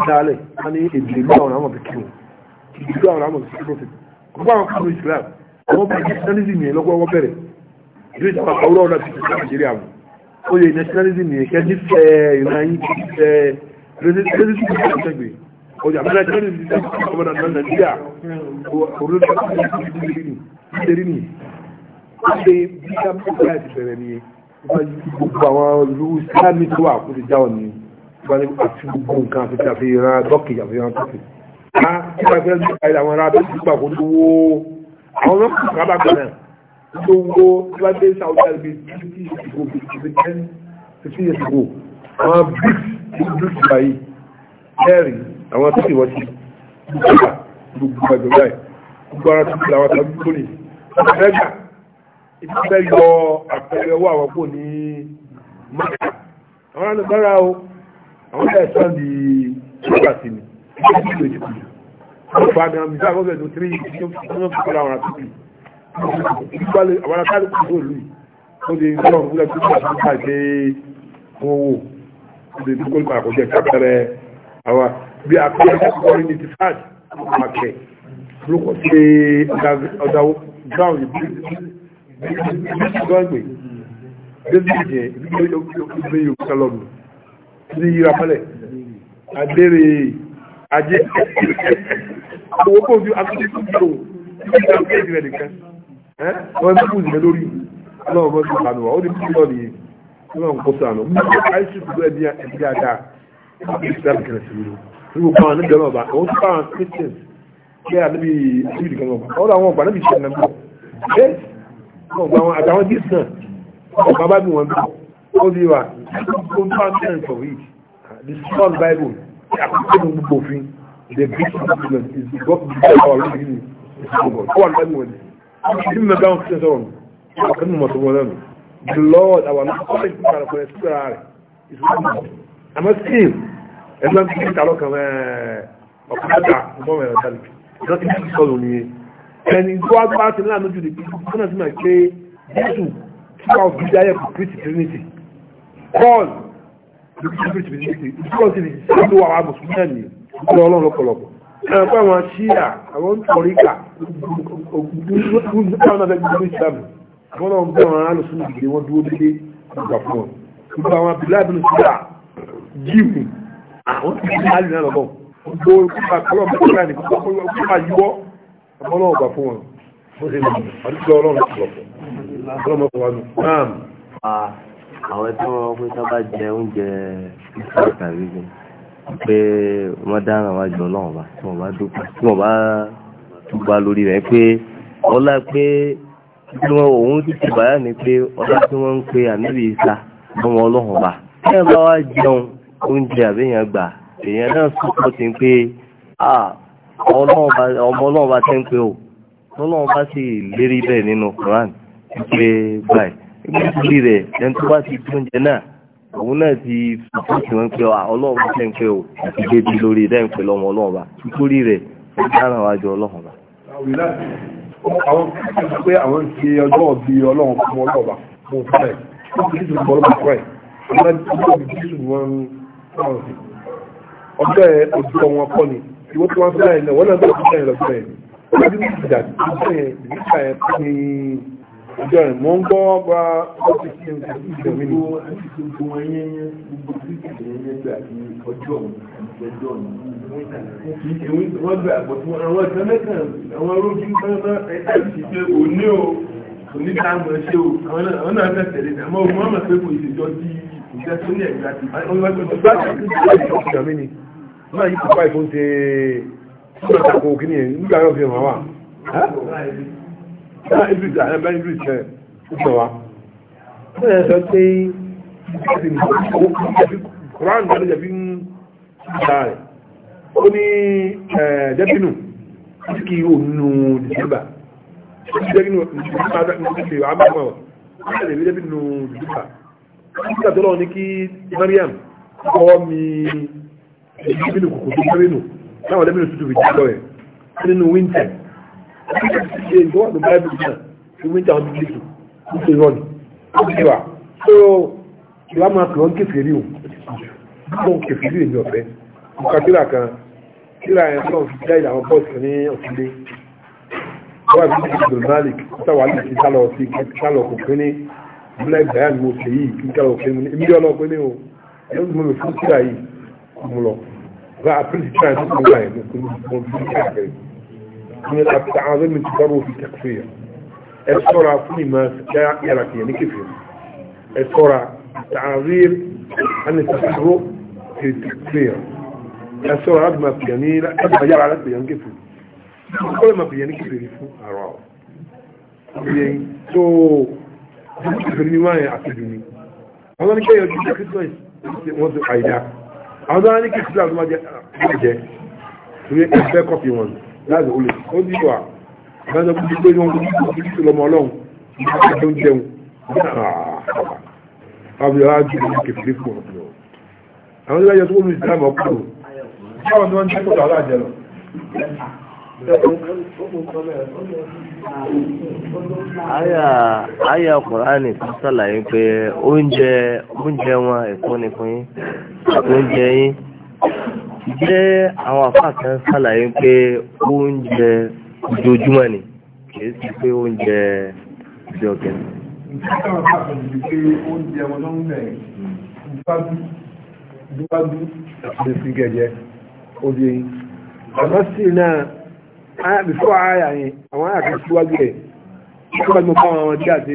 dálẹ̀ a ní èdè ìlú àwọn àmọ̀ kìkì wọn ìlú àwọn àmọ̀ kìkì wọn gbogbo àwọn kan ní Islam àwọn bí nationalism yẹn lọ́gbọ́n wọ́n bẹ̀rẹ̀ ìlú ìjọba àwòrán ọ̀nà ti fi Nàìjíríà mu ó yẹ nationalism yẹn kẹ́ nífẹ̀ẹ́ ìran yín kẹ́ nífẹ̀ẹ́ ọjà mẹ́rẹ̀ tẹ́lẹ̀ ní ọmọdé náà nàìjíríà orílẹ̀-èdè ìdílé ní ṣe bí i amúgbà ti bẹ̀rẹ̀ ní gbogbo àwọn ìlú sáàmì tó wà kó ti já ọ̀nì wọ́n ní àti gbogbo nǹkan àti àfi ran dọ́kì àfi ran tọ́kì a ti bá fẹ́rẹ́ nípa ilẹ̀ àwọn ará bẹ́ẹ̀ nípa kó tó wó àwọn ọlọ́pàá kò bá gbọ́nà tó wó tí wọ́n dé Saudi Arabia twenty years ago fifteen years ago àwọn brics ti dùn sí báyìí kẹrin àwọn tó sì wọ́n ti gbogbo àjọba ẹ̀ gbogbo ara tó làwọn tó gbogbo ní ẹgbà ìfẹ́ yọ àpẹẹrẹ o àwọn ẹ̀ sàn di ṣọ́gbà sí ni ìfẹ́ sí ìlú ìdìbò wọ́n fa gan mi sáà gọ́gẹ́ tó tírí ìfẹ́ fún ọ̀rọ̀ àwọn àtúntì àwọn akálùkù tó lù ó di ìfẹ́ ọ̀rọ̀ fúlẹ̀ tó gbà owó bí àpẹẹrẹ láti kọrí ní ti fàájì àkẹ́ lókọ̀ sí ọ̀dà ground gbọ́gbẹ̀ gbẹ́gbẹ̀ ìgbẹ́ yóò sálọ́nù ní yíra pẹ́lẹ̀ àdẹ́rẹ̀ ajé owó kò ju akẹ́kọ̀ọ́ ìgbẹ́ ìgbẹ́ ìgbẹ́ nìkan wọ́n ń kú ìgbẹ́ lórí ọlọ́run mọ́ sí ìpàdé wa ó ní kí lọ́ọ̀dì ọlọ́run nígbà kan níbi ọ̀nà ọ̀bà òun ti báwọn christian kí a níbi síbi kan ọ̀bà ọ̀dọ̀ àwọn ọ̀bà níbi ìṣẹ̀lẹ̀ náà bọ̀ ṣé ọ̀gbà wọn àtàwọn jíìs náà ọ̀bà bá bí wọn bí ó di wa ó ń bá parents of it the small bible ṣe àkókò ní gbogbo òfin the big document is the god of the power of the union is the god ó wà ní bible wọn ni ṣé mi bá wọn christian sọ̀rọ̀ nù ọ̀kan mi the lord our lord ọ̀rẹ́ ìpínlẹ̀ rẹ̀ is one man i must say ẹgbẹ́ ti kí ìtàlọ́ kan ọ̀pọ̀lọpọ̀ ọgbọ́n ẹ̀rọ tàbí ìjọ ti kí sọ̀rọ̀ ni ẹni tó wá bá ti láàánú jù ní pé kí máa pé jésù tí wọ́n fi dáyẹ̀ kò kristi trinity paul ló fi kristi trinity ìjọ ti lè ṣe tó wà wá mùsùlùmí ẹ̀mí ìjọ ọlọ́run lọ́pọ̀lọpọ̀ ẹ̀rọ pé àwọn ṣíà àwọn tọ̀ríkà ogun àwọn abìlá ìbínú sílá jíìmù àwọn tó ti máa lù náà lọ́wọ́ gbogbo kúpa kọ́lọ̀ mẹ́tọ́lá ní kúpa yíwọ́ ọmọ náà gbà fún wọn bó ṣe lọ àdúgbò ọlọ́run lọ́pọ̀ ọlọ́mọ kan wà nù. àwọn tí wọ́n pín sábà jẹ oúnjẹ ìfọ̀ọ̀kà rí ni pé wọ́n dára wá jọ ọlọ́run bá tí wọ́n bá dúpẹ́ tí wọ́n bá túbà lórí rẹ̀ pé ọlá pé tí wọ́n òun ti ti bàyà ni pé ọlá tí wọ́n ń pe àníbi ìta lọ́wọ́ ọlọ́run bá. ẹ bá wá jẹun oúnjẹ àbẹ́yàn gbà èèyàn náà sọ́kọ́ ti ń pé ọmọ ọlọ́run bá tẹ́ ń pé o ọlọ́run bá sì lérí bẹ́ẹ̀ nínú Quran pé báyìí nítorí rẹ̀ ẹni tó bá ti dúnjẹ náà òun náà ti fìfún tí wọ́n ń pé ọlọ́run bá tẹ́ ń pé o àti bébí lórí dẹ́yìn pẹ̀lú ọmọ ọlọ́run bá nítorí rẹ̀ ó dára wájú ọlọ́run bá. àwọn kí pé àwọn ń ṣe ọjọ́ thousand ọjọ́ ẹ ọjọ́ wọn kọ́ ni ìwọ́n tí wọ́n fẹ́ láyé náà wọ́n náà gbọ́dọ̀ fẹ́ lọ́jọ́ ẹ̀ ọjọ́ ní ìjà ọjọ́ yẹn nípa ẹ̀ fún mi ọjọ́ yẹn mò ń gbọ́ ọgbà ọjọ́ tí ń tẹ̀sí ìjọ mi ni. wọ́n gbé àgbọ̀tún àwọn ọ̀sán mẹ́ta àwọn arógí ń bá ẹ̀ka ìṣiṣẹ́ òní o oníkàmọ̀ ṣe o àwọn náà tẹ̀lé ní àmọ́ òun wọ́n mọ̀ pé kò ìṣèjọ́ sí ìjẹ́ ní ẹ̀gbà tí wọ́n yí pípa ìfún ṣe ṣúgbọ́n tako kí ni nígbà yóò fi hàn wá náà ibris àyàbá ibris ẹ̀ ṣùgbọ́n wa wọ́n yẹ sọ pé Quran gbọ́dọ̀ jẹ́ fi ń ṣá rẹ̀ ó ní jẹ́bínú kí ó nù dìsẹ́bà jẹ́bínú ìṣẹ́ àbámọ̀ wọ́n yẹ jẹ́bínú dìsẹ́bà nígbà tó lọ́wọ́ ní kí Mariam kọ́ mi ìbínú kòkò tó gbé nù láwọn lẹ́mìnú tuntun fi jẹ́ lọ́wọ́ nínú wíńtẹ̀ ṣe ìjọ wà ní báyìí náà ní wíńtẹ̀ àwọn bíbí tù ní ṣe rọ́ọ̀nì ó ti wà tó ìwà máa kàn án kéfèé rí òun mọ́ kéfèé rí èmi ọ̀fẹ́ mo ka kíra kan kíra yẹn tó ń fi jẹ́ ìlànà bọ́ọ̀sì ní ọ̀sílé wọ́n àti ìdìbò Malik sáwà lè fi sálọ sí sálọ kò kíní bílá ìgbàyà ni mo ṣe yìí kí n kára òfin mu ní èmi yọ ọlọ́pẹ́ ní o ẹni mo lè fún kíra yìí mo lọ bá àpèjì kíra yìí tó wà yẹn mo kún mo fi kíra kiri mo lè ta àwọn ọmọ mi ti bá ròfin tẹkifì yẹn ẹ ṣọ́ra fún ìmọ̀ yàrá kìyẹn ní kẹfì ẹ ṣọ́ra تعظيم أن التحرك في التكفير ẹsọ́rọ̀ láti máa pìyàn ní ẹgbàyára láti pìyàn kéfì kọ́lẹ̀ máa pìyàn ní kéfì rí fún àrọ̀ àwọn ọmọ yẹn tó ìlú kẹfẹ́ ní wáyé àtẹ́jù ni àwọn ní kẹyọ ti jẹ́ kírísítọ́ì wọ́n ti àìdá àwọn tó wá ní kírísítọ́ àti wọ́n jẹ́ torí ẹgbẹ́ kọ́pì wọn láti olè ó ní wà láti ọkùnrin tó gbé wọn kó kíkó kíkó lọmọ ọlọ́run nígbà ah, tó ń jẹun àwọn yóò ájú ní kẹfẹ́ fún ọ̀pọ̀ àwọn tó wá yẹ tó wọ́n lu ìsìlámù ọ̀pọ̀ aya aya Kùránì tó sàlàyé pé oúnjẹ oúnjẹ wọn ẹ̀kọ́ ni fún yín àti oúnjẹ yín jẹ́ àwọn àfáà kan sàlàyé pé oúnjẹ ojoojúmọ́ ni kìí sí pé oúnjẹ ìjọ kẹ́ni. ìjọba àpapọ̀ ti pé oúnjẹ wọn ló ń bẹ̀ dúpájú dúpájú àti ìfigẹ̀jẹ̀ obìnrin àmọ́ sí náà aya ah, before aya yẹn àwọn aya kan síwájú rẹ̀ wọ́n bá gbọ́n báwọn ọmọdé àti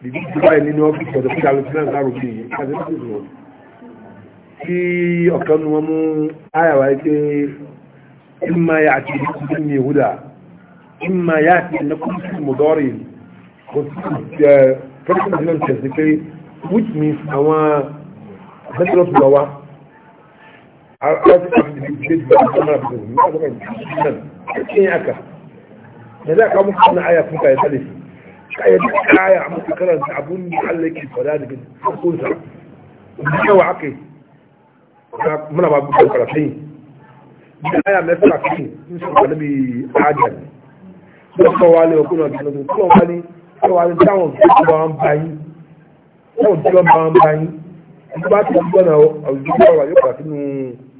bíbí tó báyìí nínú ọ́fíìsì ọ̀dọ̀ fún ìdàlùfẹ́ náà láàrú bí i àti ọ́fíìsì wọn tí ọ̀kan nu wọn mú aya wáyé pé ìmọ̀ ya àti ìdíkùn tó ní ìhúdà ìmọ̀ ya àti ìnákùn sí mọ̀dọ́rì kò sí ẹ̀ protestant náà tẹ̀sí pé which means àwọn veterans lọ wá har kwasu abin da ke da kuma na fito ne a gaban nan cikin yaka da za ka muku wannan aya kun ka yadda da shi ka yadda aya a muku karanta abun da Allah ke fada daga kunsa yawa akai muna ba bukan karafai da aya mai fara kai in sun kwanabi ajiyar da kowa ne wa kuna da nazo kowa ne kowa ne tawon tsohon bayan tawon tsohon bayan bayan ba ta gbọ́nà àwùjọ wa yóò kà sínú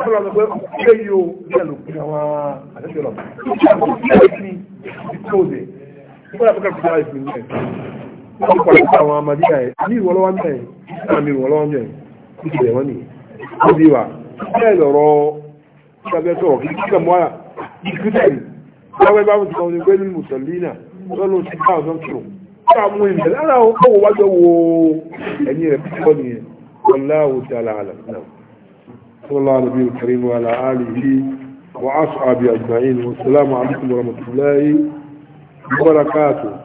ọlọ́run lọ pé ilé yìí ó díẹ̀ ló pín àwọn àtẹ́jọ́ lọ ilé ìpín ìkóòdè nígbà tó kẹ́kọ̀ọ́ ìjọba ìpín rẹ̀ wọ́n صلى الله على نبينا الكريم وعلى آله وأصحابه أجمعين والسلام عليكم ورحمة الله وبركاته